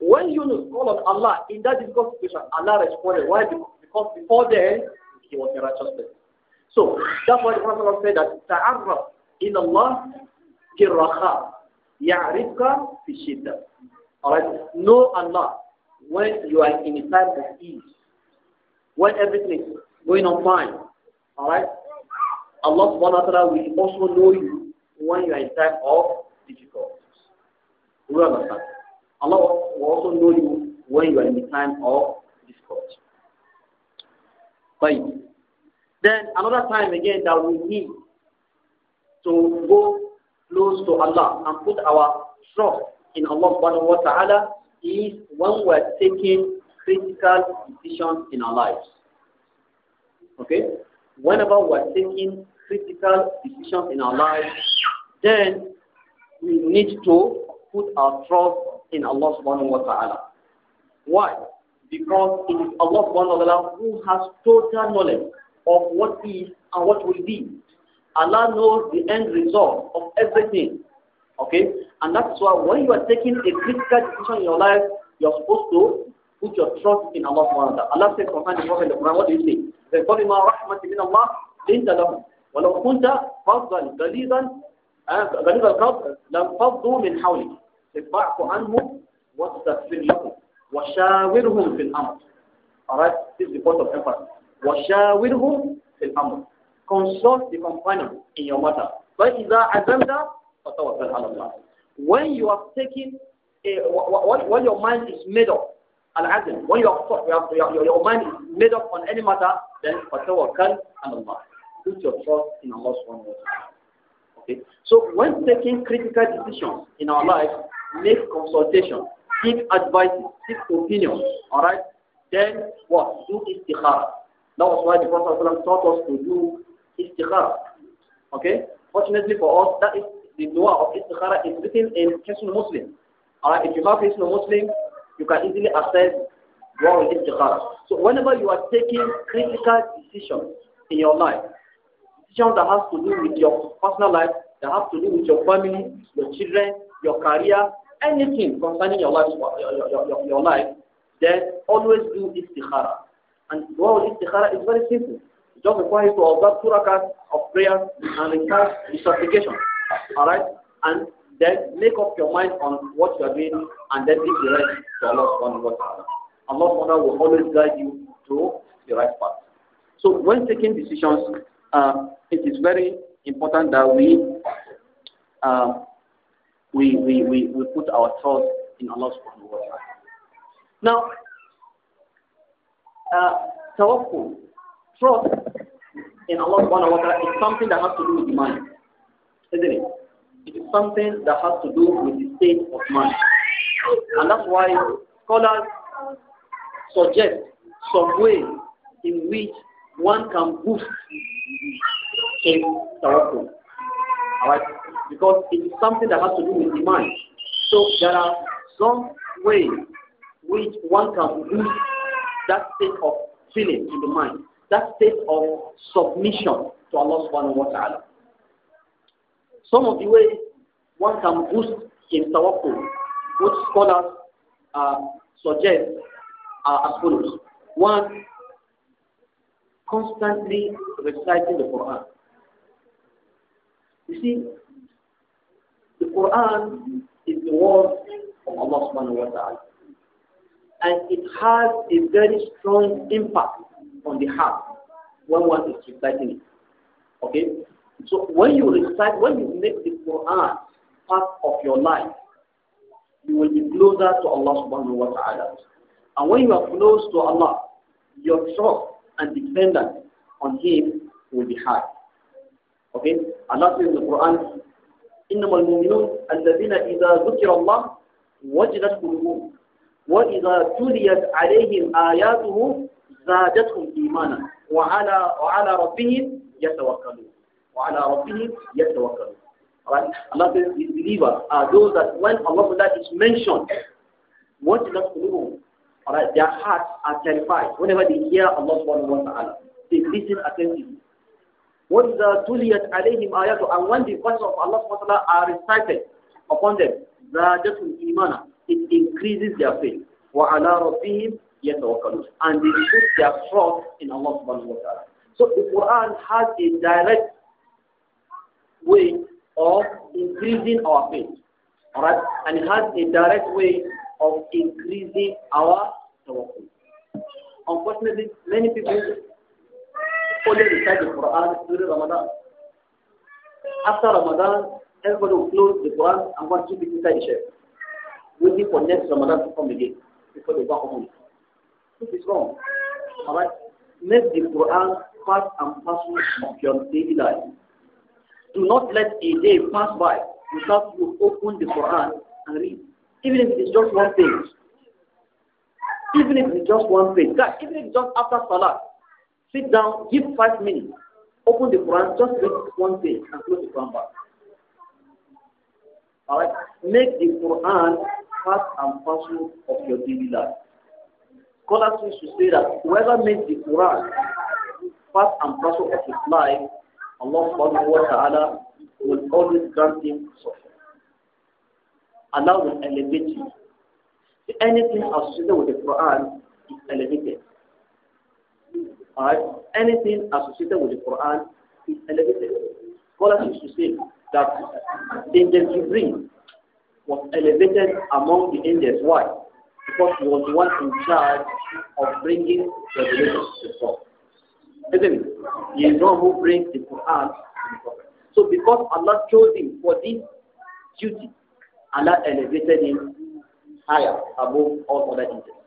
When you call on Allah in that difficult situation, Allah responded. Why? Because before then, he was a righteous person. So that's why the Prophet said that تعرف in Allah في الرخاء fi في Alright, know Allah when you are in a time of ease, when everything is going on fine. Alright, Allah subhanahu wa ta'ala will also know you when you are in time of difficulties. Do you understand? Allah will also know you when you are in the time of difficulty. Then another time again that we need to go close to Allah and put our trust in Allah subhanahu wa ta'ala is when we're taking critical decisions in our lives. Okay? Whenever we're taking critical decisions in our lives, then we need to put our trust in Allah subhanahu wa ta'ala. Why? because it is Allah subhanahu wa ta'ala who has total knowledge of what is and what will be. Allah knows the end result of everything. Okay? And that's why when you are taking a critical decision in your life, you're supposed to put your trust in Allah subhanahu wa ta'ala. Allah says concerning the Prophet in the Quran, what do you say? They call him rahmat min Allah, linda lahum. ولو كنت فظا غليظا غليظ القلب لانفضوا من حولك فاعف عنهم واستغفر لهم وَشَاوِرْهُمْ فِي الْأَمْرِ Alright, this is the point of emphasis. وَشَاوِرْهُمْ فِي الْأَمْرِ Consult the companion in your matter. فَإِذَا عَزَمْتَ فَتَوَكَّلْ عَلَى اللَّهِ When you have taken, a, when your mind is made up, al-azm, when your, your, your mind is made up on any matter, then فَتَوَكَّلْ عَلَى اللَّهِ Put your trust in Allah subhanahu wa Okay. So when taking critical decisions in our life, make consultation seek advice, seek opinion. Alright? Then what? Do istikhara. That was why the Prophet taught us to do istikhara. Okay? Fortunately for us, that is the dua of istikhara is written in Hisnul Muslim. Alright, if you have Hisnul Muslim, you can easily access dua with istikhara. So whenever you are taking critical decisions in your life, decisions that has to do with your personal life, that has to do with your family, your children, your career, anything concerning your life, your, your, your, your life, then always do istikhara. And dua well, istikhara is very simple. It just requires you to observe two rakat of prayer and recite the supplication. Alright? And then make up your mind on what you are doing and then give the rest to Allah subhanahu wa ta'ala. Allah subhanahu will always guide you to the right path. So when taking decisions, uh, it is very important that we uh, we, we, we, we put our trust in Allah subhanahu wa ta'ala. Now, uh, tawakkul, trust in Allah subhanahu wa ta'ala is something that has to do with the mind, isn't it? It is something that has to do with the state of mind. And that's why scholars suggest some way in which one can boost his tawakkul. Alright? Because it's something that has to do with the mind. So there are some ways which one can lose that state of feeling in the mind, that state of submission to Allah subhanahu wa ta'ala. Some of the ways one can boost in tawakkul, which scholars uh, suggest are as follows. One, constantly reciting the Quran. You see, the Quran is the word of Allah subhanahu wa ta'ala. And it has a very strong impact on the heart when one is reciting it. Okay? So when you recite, when you make the Quran part of your life, you will be closer to Allah subhanahu wa ta'ala. And when you are close to Allah, your trust and dependence on Him will be high. Okay? Allah says in the Quran, إنما المؤمنون الذين إذا ذكر الله وجدت قلوبهم وإذا تليت عليهم آياته زادتهم إيمانا وعلى وعلى ربهم يتوكلون وعلى ربهم يتوكلون Right? Allah says these believers are those that when Allah that is mentioned, what does qulubum? Alright, their hearts are terrified whenever they hear Allah subhanahu wa ta'ala. They listen attentively. وَإِذَا تُلِيَتْ عَلَيْهِمْ آيَاتُ And when the verses of Allah subhanahu wa ta'ala are recited upon them, زَادَتْهُمْ إِيمَانًا It increases their faith. وَعَلَىٰ رَبِّهِمْ يَتَوَكَّلُونَ And they put their trust in Allah subhanahu wa ta'ala. So the Quran has a direct way of increasing our faith. Alright? And it has a direct way of increasing our tawakkul. Unfortunately, many people only recite the Quran during Ramadan. After Ramadan, everybody will close the Quran and want to keep it inside the shelf, waiting for next Ramadan to come again before they go home. This is wrong. Alright? Make the Quran part and parcel of your daily life. Do not let a day pass by without you open the Quran and read. Even if it's just one page. Even if it's just one page. Even if it's just after Salah. Sit down, give five minutes, open the Quran, just read one page and close the Quran back. All right? Make the Quran part and parcel of your daily life. Scholars used to say that whoever makes the Quran part and parcel of his life, Allah subhanahu wa ta'ala will always grant him success. Allah will elevate you. anything associated with the Quran is elevated. Right, Anything associated with the Quran is elevated. Scholars used to say that Angel Jibril was elevated among the angels. Why? Because he was the one in charge of bringing revelation to the Prophet. Isn't it? He is one who brings the Quran to the Prophet. So because Allah chose him for this duty, Allah elevated him higher above all other angels.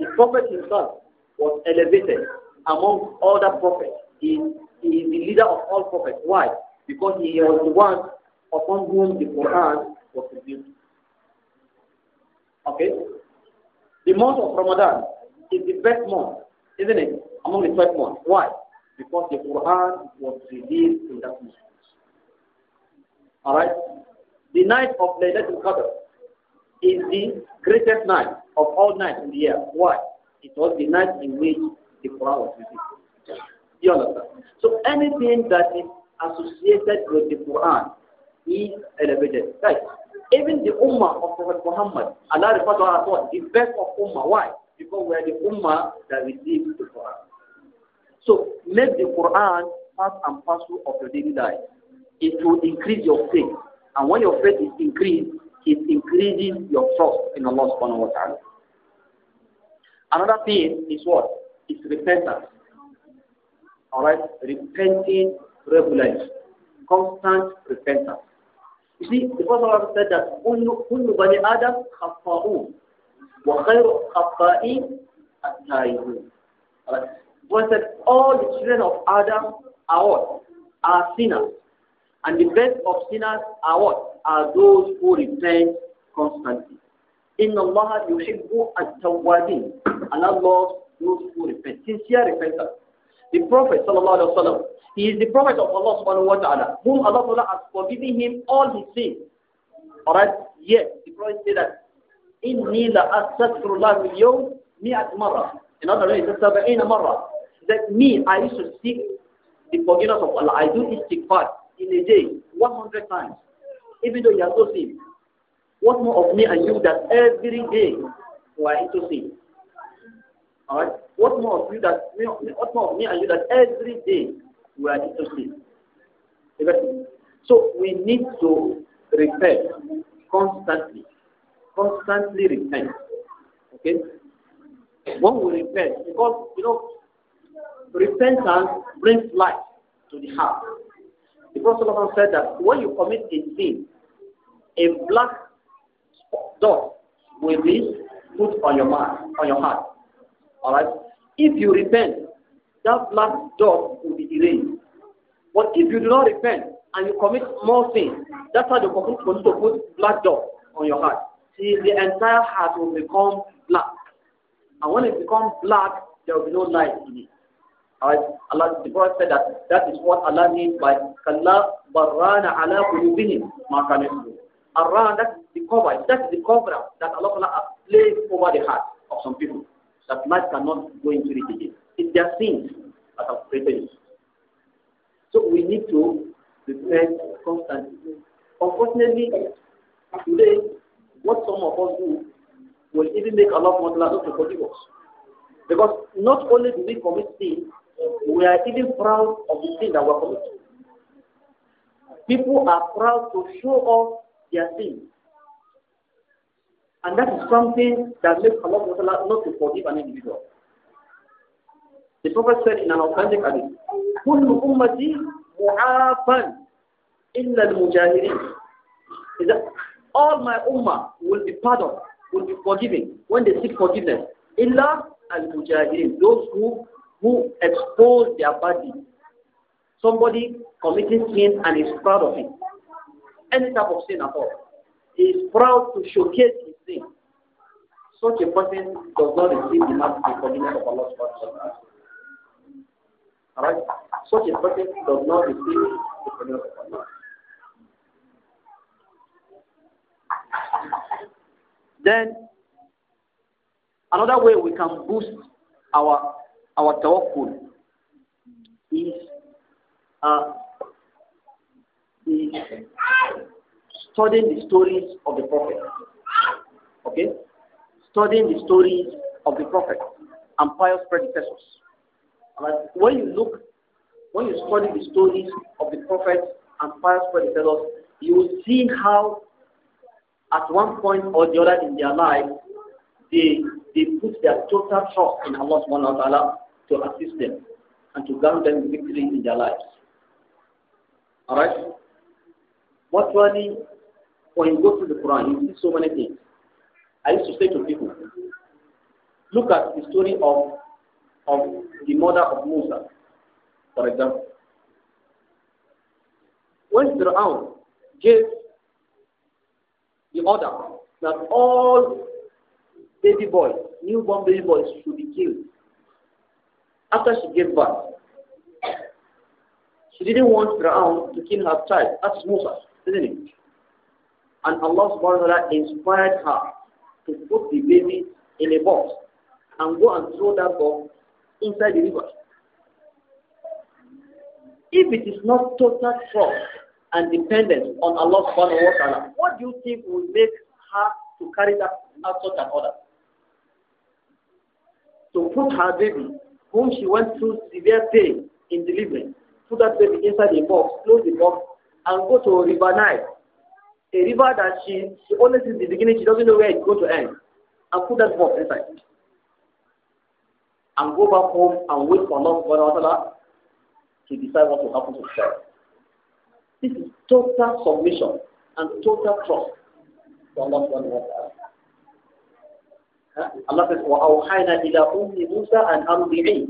The Prophet himself was elevated among all the prophets. He, he is the leader of all prophets. Why? Because he was the one upon whom the Quran was revealed. Okay? The month of Ramadan is the best month, isn't it? Among the 12 months. Why? Because the Quran was revealed in that month. Alright? The night of Laylatul Qadr is the greatest night of all nights in the year. Why? It was the night in which the Quran was revealed. You understand? So anything that is associated with the Quran is elevated. Right? Even the Ummah of Prophet Muhammad, Allah refers to as the best of Ummah. Why? Because we are the Ummah that receives the Quran. So make the Quran part and parcel of your daily life. It will increase your faith. And when your faith is increased, it's increasing your trust in Allah subhanahu wa ta'ala. Another thing is what? Is repentance. Alright? Repenting regularly. Constant repentance. You see, the Prophet said that كل بني آدم خطاؤون وخير الخطائين التائبون. Alright? One said all the children of Adam are what? Are sinners. And the best of sinners are what? Are those who repent constantly. Inna Allah yuhibbu at-tawwabin. Allah loves those who repent, sincere repentance. The Prophet sallallahu alaihi wasallam, he is the Prophet of Allah subhanahu wa ta'ala, whom Allah ta'ala has forgiven him all his sins. Alright, yes, the Prophet said that, إِنِّي لَأَسْتَغْفِرُ min yawm mi'at marra. In other words, it's sab'ina That me, I used to seek the forgiveness of Allah. I do istighfar in a day, 100 times, even though you are no sin. What more of me and you that every day we are into sin? Alright? What more of you that what more of me and you that every day we are into sin? So we need to repent constantly. Constantly repent. Okay? When we repent, because you know repentance brings life to the heart. The Prophet said that when you commit a sin, a black so, with this, put on your mind, on your heart. All right. If you repent, that black dog will be erased. But if you do not repent and you commit more sins, that's how the prophet supposed to put black dog on your heart. See, the entire heart will become black. And when it becomes black, there will be no light in it. Alright, Allah the Prophet said that that is what Allah means by Kalla Barana ala Qulubihim Makanesu. Aran, that's the cover. That is the cover that Allah Ta'ala has placed over the heart of some people. That light cannot go into it again. It's their sins that have created it. So we need to repent constantly. Unfortunately, today, what some of us do will even make Allah Ta'ala not to forgive us. Because not only do we commit sin, we are even proud of the sin that we are committing. People are proud to show off their sin. And that is something that makes Allah not to forgive an individual. The Prophet said in an authentic hadith, كل أمتي معافا إلا المجاهرين. Is that all my ummah will be pardoned, will be forgiven when they seek forgiveness. إلا المجاهرين, those who who expose their body. Somebody committing sin and is proud of it. Any type of sin at all. He is proud to showcase sin. Such a person does not receive the mercy forgiveness of Allah subhanahu wa Alright? Such a person does not receive the forgiveness of Allah. Then another way we can boost our our tawakkul is uh, is studying the stories of the prophet okay, studying the stories of the prophet and pious predecessors. But When you look, when you study the stories of the prophet and pious predecessors, you will see how at one point or the other in their life, they, they put their total trust in Allah subhanahu wa ta'ala to assist them and to grant them victory in their lives. Alright? really, when you go to the Quran, you see so many things. I used to say to people, look at the story of, of the mother of Musa, for example. When Pharaoh gave the order that all baby boys, newborn baby boys, should be killed, after she gave birth, she didn't want Pharaoh to kill her child. That's Musa, isn't it? And Allah subhanahu wa ta'ala inspired her to put the baby in a box and go and throw that box inside the river. If it is not total trust and dependence on Allah subhanahu wa ta'ala, what do you think will make her to carry that out such an order? To put her baby, whom she went through severe pain in delivering, put that baby inside a box, close the box, and go to a river Nile a river that she, she only sees the beginning, she doesn't know where it's going to end. I put that box inside. And go back home and wait for Allah subhanahu wa ta'ala to decide what will happen to her. This is total submission and total trust to Allah subhanahu wa ta'ala. Allah says, وأوحينا إلى أم موسى أن أرضعيه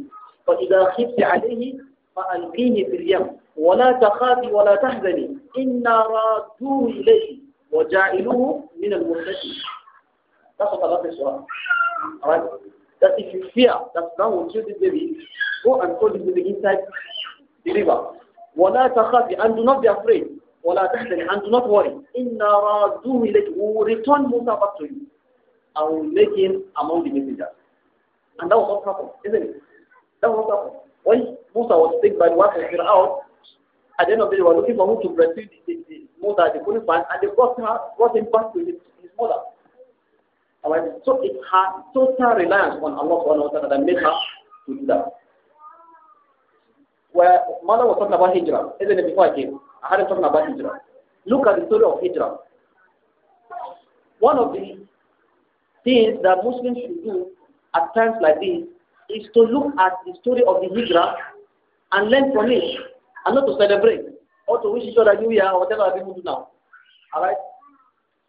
فإذا خفت عليه فألقيه في اليم ولا تخافي ولا تحزني inna radduhu ilayhi wa ja'iluhu min al-muttaqin. That's what Allah says to us. Alright? That if you fear that God will kill this baby, go and throw this baby inside the river. وَلَا تَخَافِ And do not be afraid. وَلَا تَحْزَنِ And do not worry. إِنَّا رَادُوهُ إِلَيْكَ We will return Musa back to you. And will make him among the messengers. And that was what happened, isn't it? That was what happened. When Musa was taken by the wife of Fir'aun, at the end of the day, they were looking for who to breastfeed the, the mother. They couldn't find, and they brought, her, brought him back to his, his mother. Alright, so it's her total reliance on Allah subhanahu wa that made her to do that. Where mother was talking about hijrah, isn't it before I came? I had him talking about hijrah. Look at the story of hijrah. One of the things that Muslims should do at times like this is to look at the story of the hijrah and learn from it and not to celebrate or to wish each other New Year or whatever people do now. Alright?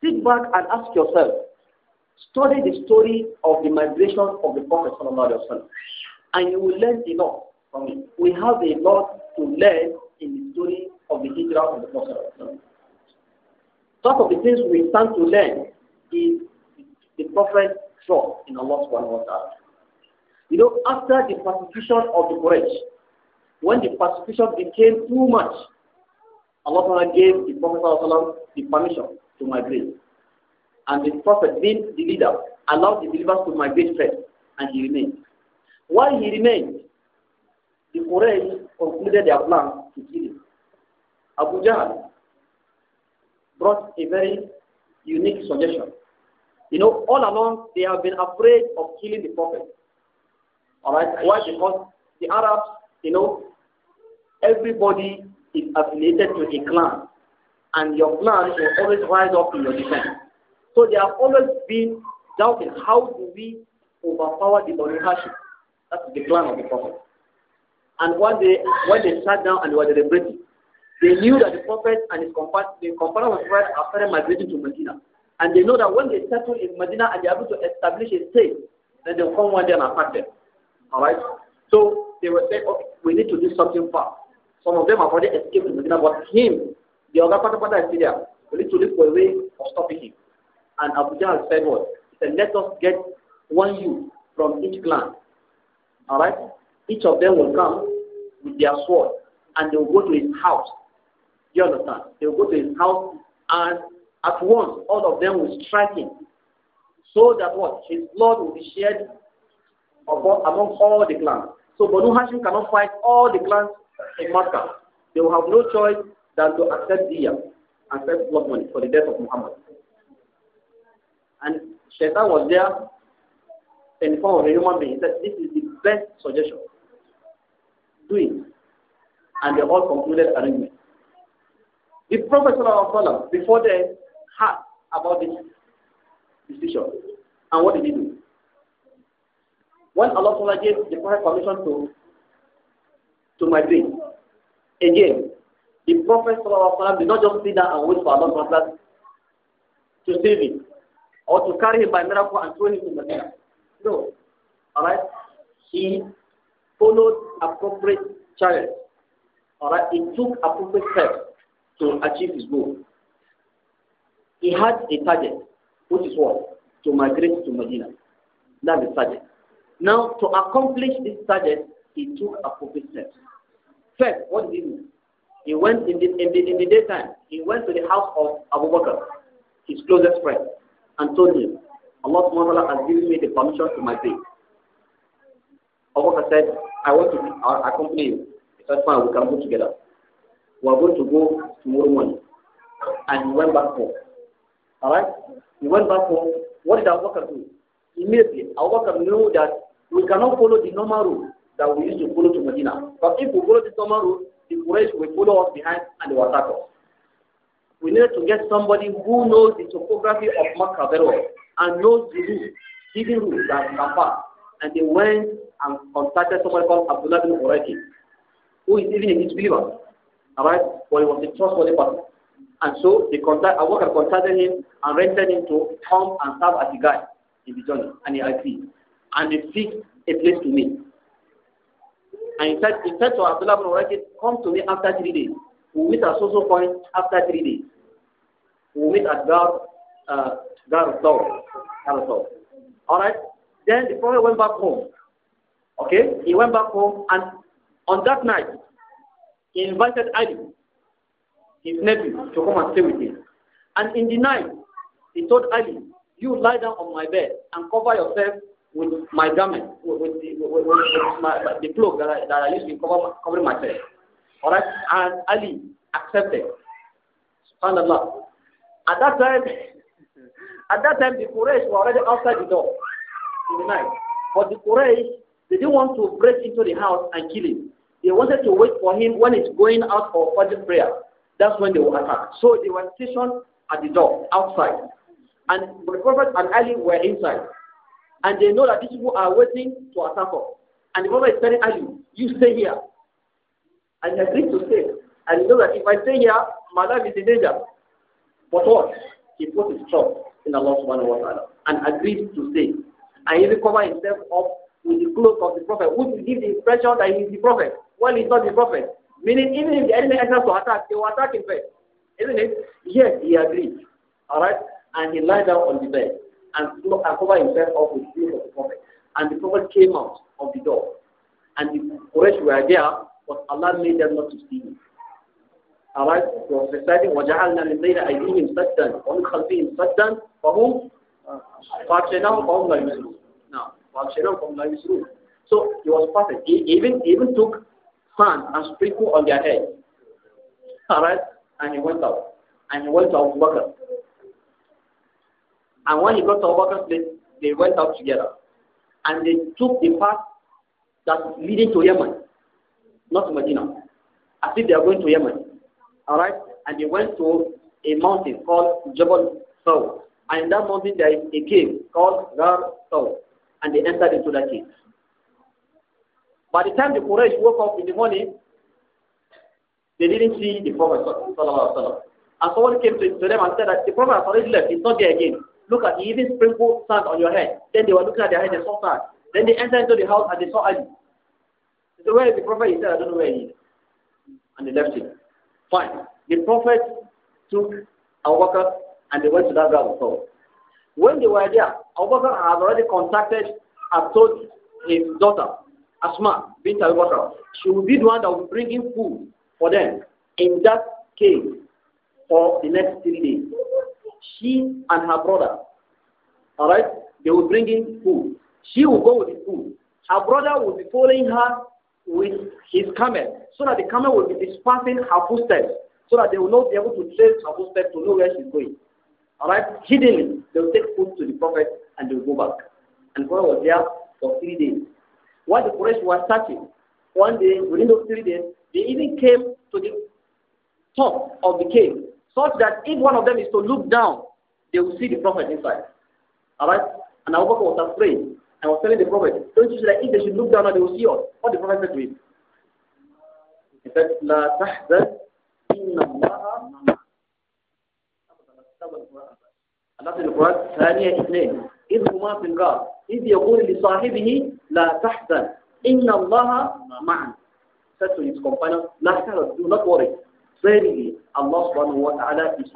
Sit back and ask yourself, study the story of the migration of the Prophet and you will learn a lot from it. We have a lot to learn in the story of the Hijrah of the Prophet. Some of the things we stand to learn is the Prophet's trust in Allah subhanahu wa You know, after the persecution of the Quraysh, when the persecution became too much, Allah gave the Prophet the permission to migrate. And the Prophet, being the leader, allowed the believers to migrate first, and he remained. While he remained, the Quraysh concluded their plan to kill him. Abu Jahl brought a very unique suggestion. You know, all along they have been afraid of killing the Prophet. All right, why? Because the Arabs, you know, Everybody is affiliated to a clan, and your clan will always rise up in your defense. So there have always been doubting how do we overpower the Banu Hashim? That's the clan of the Prophet. And when they when they sat down and they were celebrating, they knew that the Prophet and his companions, the companions of the Prophet are started migrating to Medina. And they know that when they settle in Medina and they're able to establish a state, then they'll come one day and attack them. Alright? So they were saying, okay, we need to do something fast. Some of them have already escaped Medina, but him, the other part of the still will We need to look for a way of stopping him. And Abu Jahl said what? He said, let us get one youth from each clan. Alright? Each of them will come with their sword and they will go to his house. You understand? They will go to his house and at once all of them will strike him. So that what? His blood will be shed among all the clans. So Banu Hashim cannot fight all the clans in Makkah, they will have no choice than to accept diya, accept blood money for the death of Muhammad. And Shaitan was there in the form of a human being. He said, This is the best suggestion. Do it. And they all concluded agreement. The Prophet ﷺ, before they heard about this decision, and what did he do? When Allah gave the Prophet permission to to my dream. Again, the Prophet did not just sit down and wait for Allah Prophet to save him or to carry him by miracle and throw him in the Medina. No. Alright? He followed appropriate channels. Alright? He took appropriate steps to achieve his goal. He had a target, which is what? To migrate to Medina. That's the target. Now, to accomplish this target, he took appropriate steps. First, what did he do? He went in the, in the, in the daytime, he went to the house of Abu Bakr, his closest friend, and told him, Allah subhanahu has given me the permission to my faith. Abu Bakr said, I want to i accompany you. He said, fine, we can go together. We are going to go tomorrow morning. And he went back home. Alright? He went back home. What did Abu Bakr do? Immediately, Abu Bakr knew that we cannot follow the normal rule that we used to follow to Medina. But if we follow this normal route, the Quraysh will follow us behind and they will attack us. We needed to get somebody who knows the topography of Makkah very well and knows the route, hidden route that can pass. And they went and contacted somebody called Abdullah bin Uraki, who is even a disbeliever. Alright? But he was a trustworthy person. And so they contact, I worked contacted him and rented him to come and serve as a guide in the journey. And he agreed. And he fixed a place to meet. And he said, he said to Abdullah ibn Urakid, come to me after three days. We'll meet at social Point after three days. We'll meet at Gar, uh, Gar Alright? Then the Prophet went back home. Okay? He went back home and on that night, he invited Ali, his nephew, to come and stay with him. And in the night, he told Ali, you lie down on my bed and cover yourself with my garment, with, with, the, with, with my, the, cloak that I, that I used to cover covering myself. All right, and Ali accepted. Subhanallah. At that time, at that time, the Quraysh were already outside the door in the night. But the Quraysh, they didn't want to break into the house and kill him. They wanted to wait for him when he's going out for Fajr prayer. That's when they were attacked. So they were stationed at the door, outside. And the Prophet and Ali were inside. And they know that these people are waiting to attack us. And the Prophet is telling Ali, you stay here. And he agreed to stay. And he knows that if I stay here, my life is in danger. But what? He put his trust in Allah subhanahu wa ta'ala and agreed to stay. And he recover himself up with the clothes of the Prophet, which will give the impression that he is the Prophet, while he's not the Prophet. Meaning, even if the enemy enters to attack, they will attack him first. Isn't it? Yes, he agreed. Alright? And he lied down on the bed and, and cover himself up with the face of the prophet. And the prophet came out of the door. And the Quraysh were there, but Allah made them not to see him. Alright, he was reciting, وَجَعَلْنَا مِنْ بَيْنَ أَيْدِيهِمْ سَدًّا وَمِنْ خَلْفِهِمْ سَدًّا فَهُمْ فَأَغْشَيْنَاهُمْ فَهُمْ لَا يُبْصِرُونَ Now, فَأَغْشَيْنَاهُمْ فَهُمْ لَا يُبْصِرُونَ So he was perfect. He even, even took sand and sprinkled on their head. Alright, and he went out. And he went to Abu Bakr. And when he got to Abu place, they went out together. And they took the path that's leading to Yemen, not to Medina, as if they are going to Yemen. Alright? And they went to a mountain called Jabal Saw. And in that mountain there is a cave called Gar Saw. And they entered into that cave. By the time the Quraysh woke up in the morning, they didn't see the Prophet. And someone came to them and said that the Prophet has already left, he's not there again. Look at, he even sprinkled sand on your head. Then they were looking at their head, they saw sand. Then they entered into the house and they saw Ali. So said, where is the prophet? He said, I don't know where he is. And they left him. Fine. The prophet took Abu Bakr and they went to that garden store. When they were there, Abu Bakr had already contacted and told his daughter, Asma bint Abu Bakr, she will be the one that will bring in food for them in that cave for the next three days she and her brother. All right? They will bring in food. She will go with the food. Her brother will be following her with his camel, so that the camel will be dispersing her footsteps, so that they will not be able to trace her footsteps to know where she's going. All right? Hiddenly, they will take food to the prophet and they will go back. And Prophet was there for three days. While the Quraysh were searching, one day, within those three days, they even came to the top of the cave such that if one of them is to look down, they will see the Prophet inside. Alright? And Abu Bakr was afraid and was telling the Prophet, don't you say that if they should look down they will see us? What the Prophet said to him? He said, La tahzan inna Allah That's in the Quran, ثانية اثنين إذ هما في الغار إذ يقول لصاحبه لا تحزن إن الله معنا said to his companion, لا تحزن, do not worry verily Allah subhanahu wa ta'ala is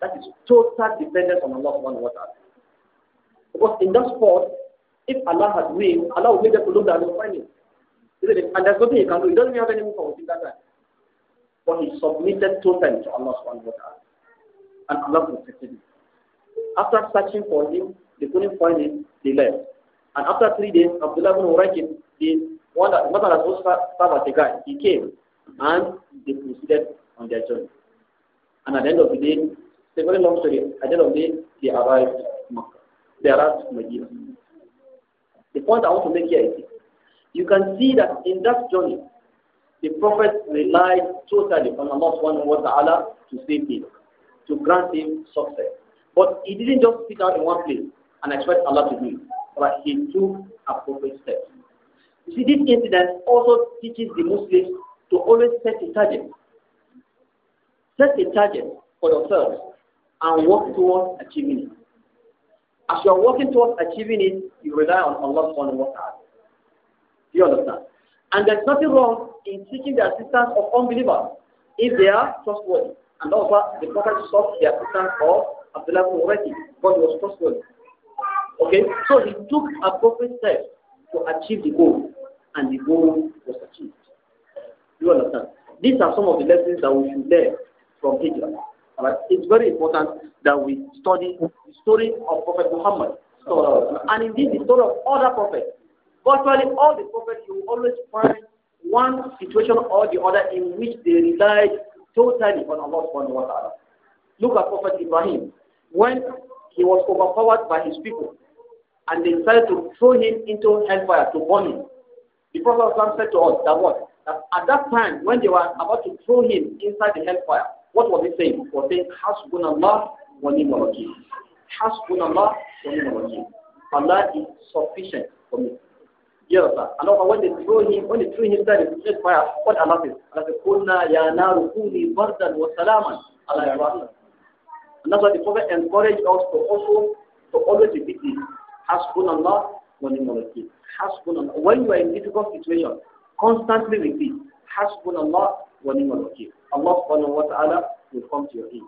That is total dependence on Allah subhanahu wa ta'ala. Because in that spot, if Allah had willed, Allah would make them to look down and find him. Isn't it? And there's nothing he can do. He doesn't have any power in that time. But he submitted totally to Allah subhanahu wa ta'ala. And Allah protected him. After searching for him, they couldn't find him, they left. And after three days, Abdullah ibn Uraikin, the one that, the mother that was served as a guy, he came and they proceeded on their journey. And at the end of the day, it's a very long story. At the end of the day, they arrived They arrived Medina. The point I want to make here is you can see that in that journey, the Prophet relied totally on Allah subhanahu wa ta'ala to save him, to grant him success. But he didn't just sit out in one place and expect Allah to do it. But he took appropriate steps. You see, this incident also teaches the Muslims to always set a target Set a target for yourself and work towards achieving it. As you are working towards achieving it, you rely on Allah subhanahu wa ta'ala. Do you understand? And there's nothing wrong in seeking the assistance of unbelievers if they are trustworthy. And also, the Prophet sought the assistance of Abdullah ibn Urati, he was trustworthy. Okay, so he took appropriate steps to achieve the goal, and the goal was achieved. Do you understand? These are some of the lessons that we should learn from Hijrah. Right? It's very important that we study the story of Prophet Muhammad. and indeed the story of other prophets. Virtually all the prophets, you always find one situation or the other in which they relied totally on Allah subhanahu wa ta'ala. Look at Prophet Ibrahim. When he was overpowered by his people and they decided to throw him into hellfire to burn him. The Prophet said to us that what? That at that time when they were about to throw him inside the hellfire, what was he saying? He was saying, Hasbunallah wa ni'mal wakil. Hasbunallah wa ni'mal wakil. Allah is sufficient for me. Yes, sir. And also when they threw him, when they threw him down into the fire, what Allah says? Allah said, Kulna ya naru kuni bardan wa salaman. Allah is And that's why the Prophet encouraged us to also, to always repeat this. Hasbunallah wa ni'mal wakil. Hasbunallah. When you are in difficult situation, constantly repeat. Hasbunallah wa ni'mal wakil. Allah subhanahu wa ta'ala will come to your aid.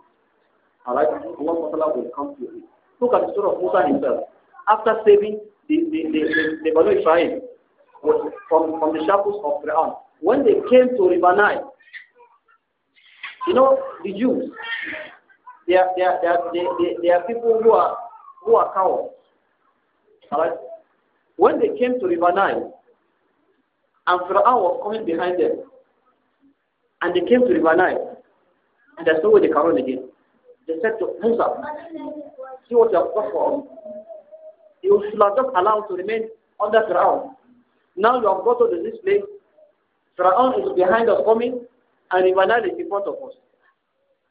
Alright? Allah subhanahu wa ta'ala will come to your aid. Look at the story of Musa himself. After saving the, the, the, the, the Banu Israel from, from the shackles of Fir'aun, when they came to River you know, the Jews, they are, they are, they are, they, they, are people who are, who are cowards. Alright? When they came to River and Fir'aun was coming behind them, and they came to River Nile. And they saw the Quran again. They said to Musa, see what you have done for us. You should have just allowed to remain under Fir'aun. Now you have got to this place. Fir'aun is behind us coming, and River Nile is in front of us.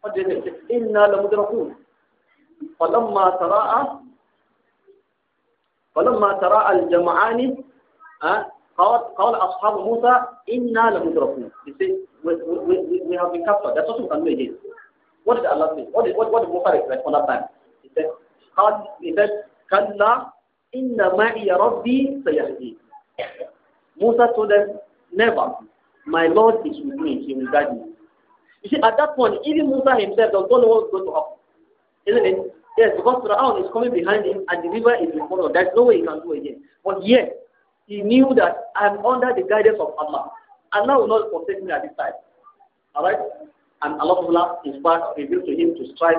What did they say? إِنَّا لَمُدْرَكُونَ فَلَمَّا تَرَاءَ فلما تراءى الجمعان قال قال أصحاب موسى إنا لمدركون we, we, we, have been captured. There's nothing we can do again. What did Allah say? What did, what, what did Musa reflect on that time? He said, he said, Kalla inna ma'iya rabbi sayahdi. Musa told them, never. My Lord is with me. He will guide me. You see, at that point, even Musa himself does not know what's going to happen. Isn't it? Yes, because Fir'aun is coming behind him and the river is in front of him. There's no way he can do again. But yet, he knew that I'm under the guidance of Allah. Allah will not forsake me at this time. Alright? And Allah in fact revealed to him to strike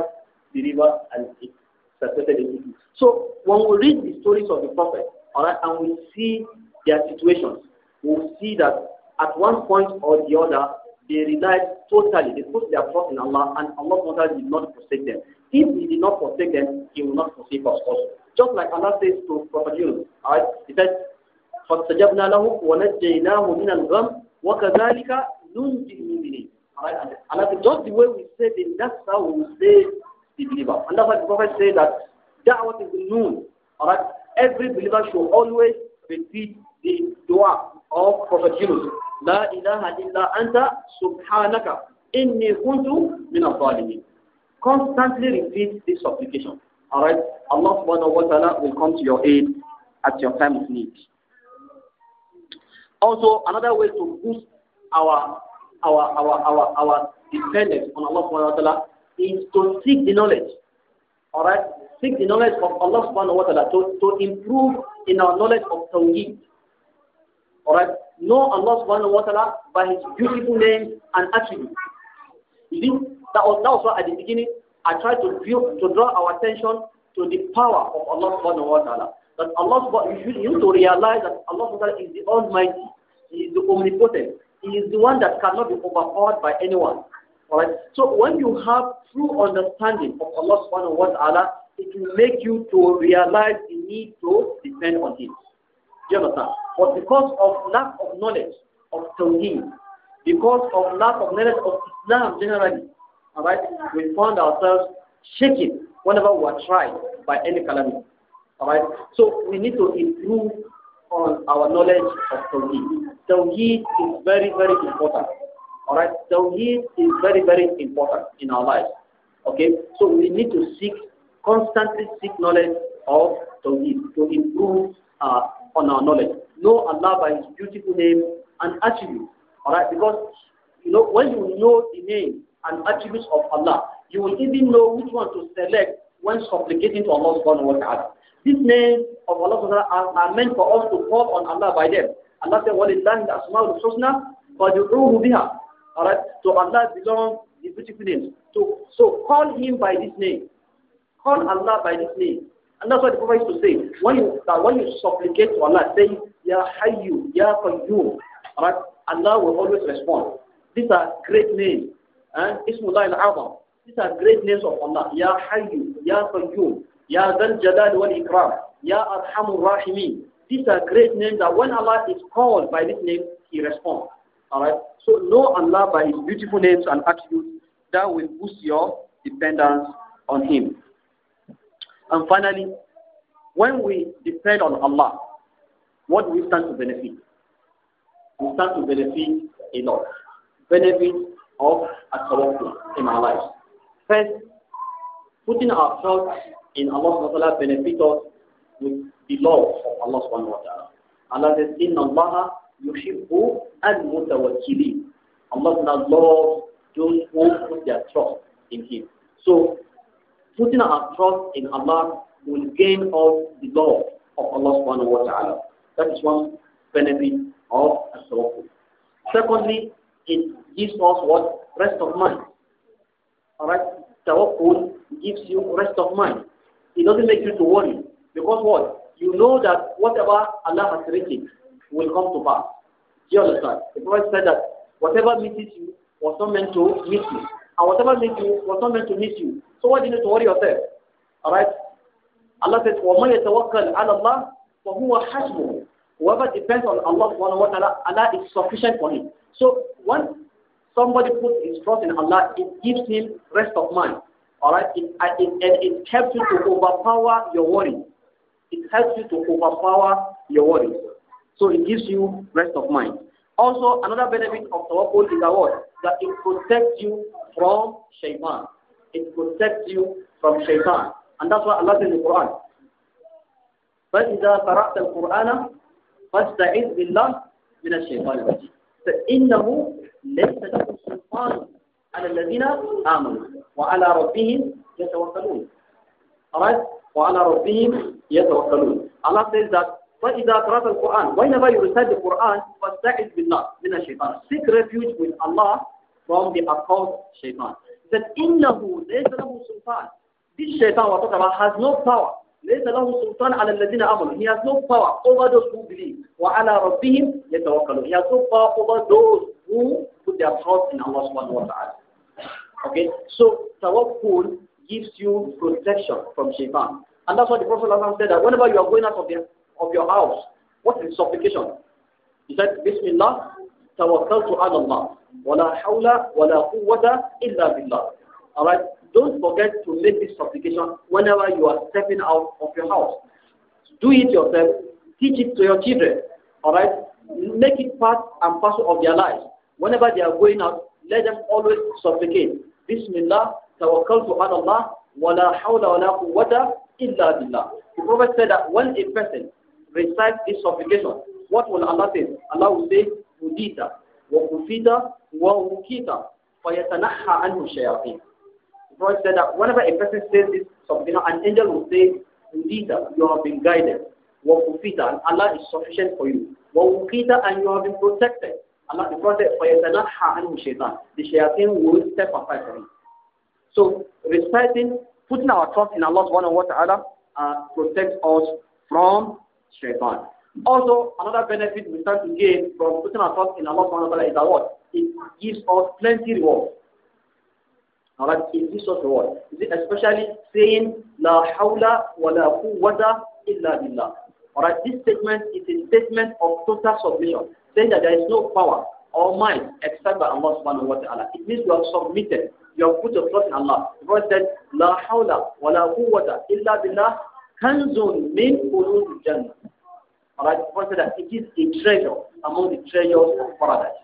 the river and it separated it. So when we read the stories of the Prophet, alright, and we see their situations, we'll see that at one point or the other, they relied totally, they put their trust in Allah, and Allah did not forsake them. If He did not forsake them, He will not forsake us also. Just like Allah says to Prophet Yunus, alright, He said, وَكَذَلِكَ نُنْجِ الْمُؤْمِنِينَ Alright, and that's just the way we say it, that's how we say the believer. And that's why the Prophet said that that is is noon. Alright, every believer should always repeat the dua of Prophet Yunus. La ilaha illa anta subhanaka inni kuntu min al-zalimin. Constantly repeat this supplication. Alright, Allah subhanahu wa ta'ala will come to your aid at your time of need. Also, another way to boost our our our our our dependence on Allah subhanahu wa ta'ala is to seek the knowledge. Alright? Seek the knowledge of Allah subhanahu wa ta'ala to, to improve in our knowledge of Tawheed. Alright? Know Allah subhanahu wa ta'ala by his beautiful name and attributes. You see, that was, that was why at the beginning I tried to, view, to draw our attention to the power of Allah subhanahu wa ta'ala that Allah you should you to realize that Allah is the Almighty, He is the omnipotent, He is the one that cannot be overpowered by anyone. Alright? So when you have true understanding of Allah subhanahu wa ta'ala, it will make you to realize the need to depend on Him. Do you understand? But because of lack of knowledge of Tawheed, because of lack of knowledge of Islam generally, alright, we found ourselves shaking whenever we are tried by any calamity. Alright? So we need to improve on our knowledge of Tawheed. Tawheed is very, very important. Alright? Tawheed is very, very important in our lives. Okay? So we need to seek, constantly seek knowledge of Tawheed to improve uh, on our knowledge. Know Allah by His beautiful name and attributes. Alright? Because you know, when you know the name and attributes of Allah, you will even know which one to select when supplicating to Allah subhanahu wa ta'ala. These names of Allah subhanahu wa ta'ala are, meant for us to call on Allah by them. Allah said, وَلِلَّهِ الْأَسْمَاءُ الْحُسْنَى فَادْعُوهُ بِهَا Alright, to so Allah belong the beautiful names. So, so call Him by this name. Call Allah by this name. And that's what the Prophet used to say. When you, that when you supplicate to Allah, say, Ya Hayyu, Ya Qayyum. Alright, Allah will always respond. These are great names. And eh? Ismullah al-Azam. These are great names of Allah. Ya Hayyu, Ya Qayyum, Ya Dal Jalal wal Ikram, Ya Arhamur Rahimin. These are great names that when Allah is called by this name, He responds. Alright? So know Allah by His beautiful names and attributes that will boost your dependence on Him. And finally, when we depend on Allah, what we stand to benefit? We stand to benefit a lot. Benefit of a tawakkul in our lives. First, putting our trust in Allah subhanahu wa ta'ala benefits us with the love of Allah subhanahu wa ta'ala. Allah says, Inna Allah yushibbu al-mutawakkili. Allah love, those who put their trust in Him. So, putting our trust in Allah will gain us the love of Allah subhanahu wa ta'ala. That is one benefit of trust. Secondly, it gives us what? Rest of mind. Alright? Tawakkul gives you rest of mind. It doesn't make you to worry. Because what? You know that whatever Allah has written will come to pass. Do you understand? The Prophet said that whatever misses you was not meant to miss you. And whatever meant you was not meant to miss you. So why do you need to worry yourself? Alright? Allah says, وَمَنْ يَتَوَكَّلْ عَلَى اللَّهِ فَهُوَ حَسْبُهُ Whoever depends on Allah subhanahu wa ta'ala, Allah is sufficient for him. So one somebody puts his trust in Allah, it gives him rest of mind. Alright? It, it, it helps you to overpower your worries. It helps you to overpower your worries. So it gives you rest of mind. Also, another benefit of tawakkul is what? That it protects you from shaitan. It protects you from shaitan. And that's what Allah says in the Quran. فَإِذَا قَرَأْتَ الْقُرْآنَ فَاسْتَعِذْ بِاللَّهِ مِنَ الشَّيْطَانِ الرَّجِيمِ فإنه ليس له سلطان على الذين آمنوا وعلى ربهم يتوكلون Alright? وعلى ربهم يتوكلون Allah says that فإذا قرأت القرآن whenever you recite the Quran فاستعذ بالله من الشيطان seek refuge with Allah from the occult shaitan that إنه ليس له سلطان this shaitan whatever has no power ليس له سلطان على الذين آمنوا he has no power over those who believe وعلى ربهم يتوكلون he has no power over those who put their trust in Allah subhanahu wa ta'ala okay so tawakkul gives you protection from shaitan and that's why the Prophet said that whenever you are going out of, your of your house what is supplication he said Bismillah tawakkaltu ala Allah ولا حول ولا قوة إلا بالله alright don't forget to make this supplication whenever you are stepping out of your house. Do it yourself. Teach it to your children. All right? Make it part and parcel of their lives. Whenever they are going out, let them always supplicate. Bismillah, tawakkaltu ala Allah, wala hawla quwwata illa billah. The Prophet said that when a person recites this supplication, what will Allah say? Allah will say, Udita, wa kufita, wa ukita, فيتنحى anhu الشياطين the Prophet said that whenever a person says this, something, an angel will say, Indeed, uh, you have been guided. Wafufita, and Allah is sufficient for you. Wafukita, and you have been protected. Allah, the Prophet, فَيَتَنَحَا عَنْهُ shaitan. The shaitan will step aside from him. So, reciting, putting our trust in Allah subhanahu wa ta'ala uh, protects us from shaitan. Also, another benefit we start to gain from putting our trust in Allah subhanahu wa ta'ala is that what? It gives us plenty rewards. Alright, in this sort of word. Is it especially saying La hawla wa la quwwata illa billah. Alright, this statement is a statement of total submission, saying that there is no power or might except by Allah subhanahu wa ta'ala. It means you have submitted, you have put your trust in Allah. The Prophet said, La hawla wa la quwwata illa billah kanzun min ulul jannah. Alright, the Prophet said that it is a treasure among the treasures of paradise.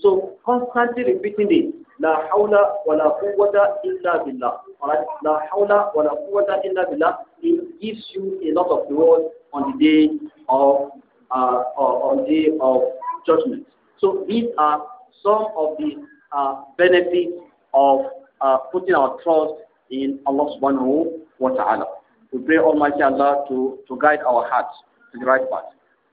So constantly repeating this لا حول wa قوة إلا بالله. Alright? لا حول wa قوة إلا بالله. It gives you a lot of reward on the day of uh, on the day of judgment. So these are some of the uh, benefits of uh, putting our trust in Allah subhanahu wa ta'ala. We pray Almighty Allah to, to guide our hearts to the right path.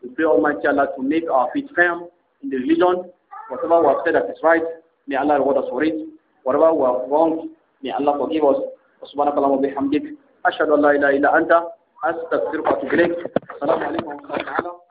We pray Almighty Allah to make our feet firm in the religion, whatever we have said that is right, May Allah reward us for it. Whatever we have wronged, may Allah forgive us. سبحانك اللهم وبحمدك أشهد أن لا إله إلا أنت أستغفرك وأتوب إليك السلام عليكم ورحمة الله تعالى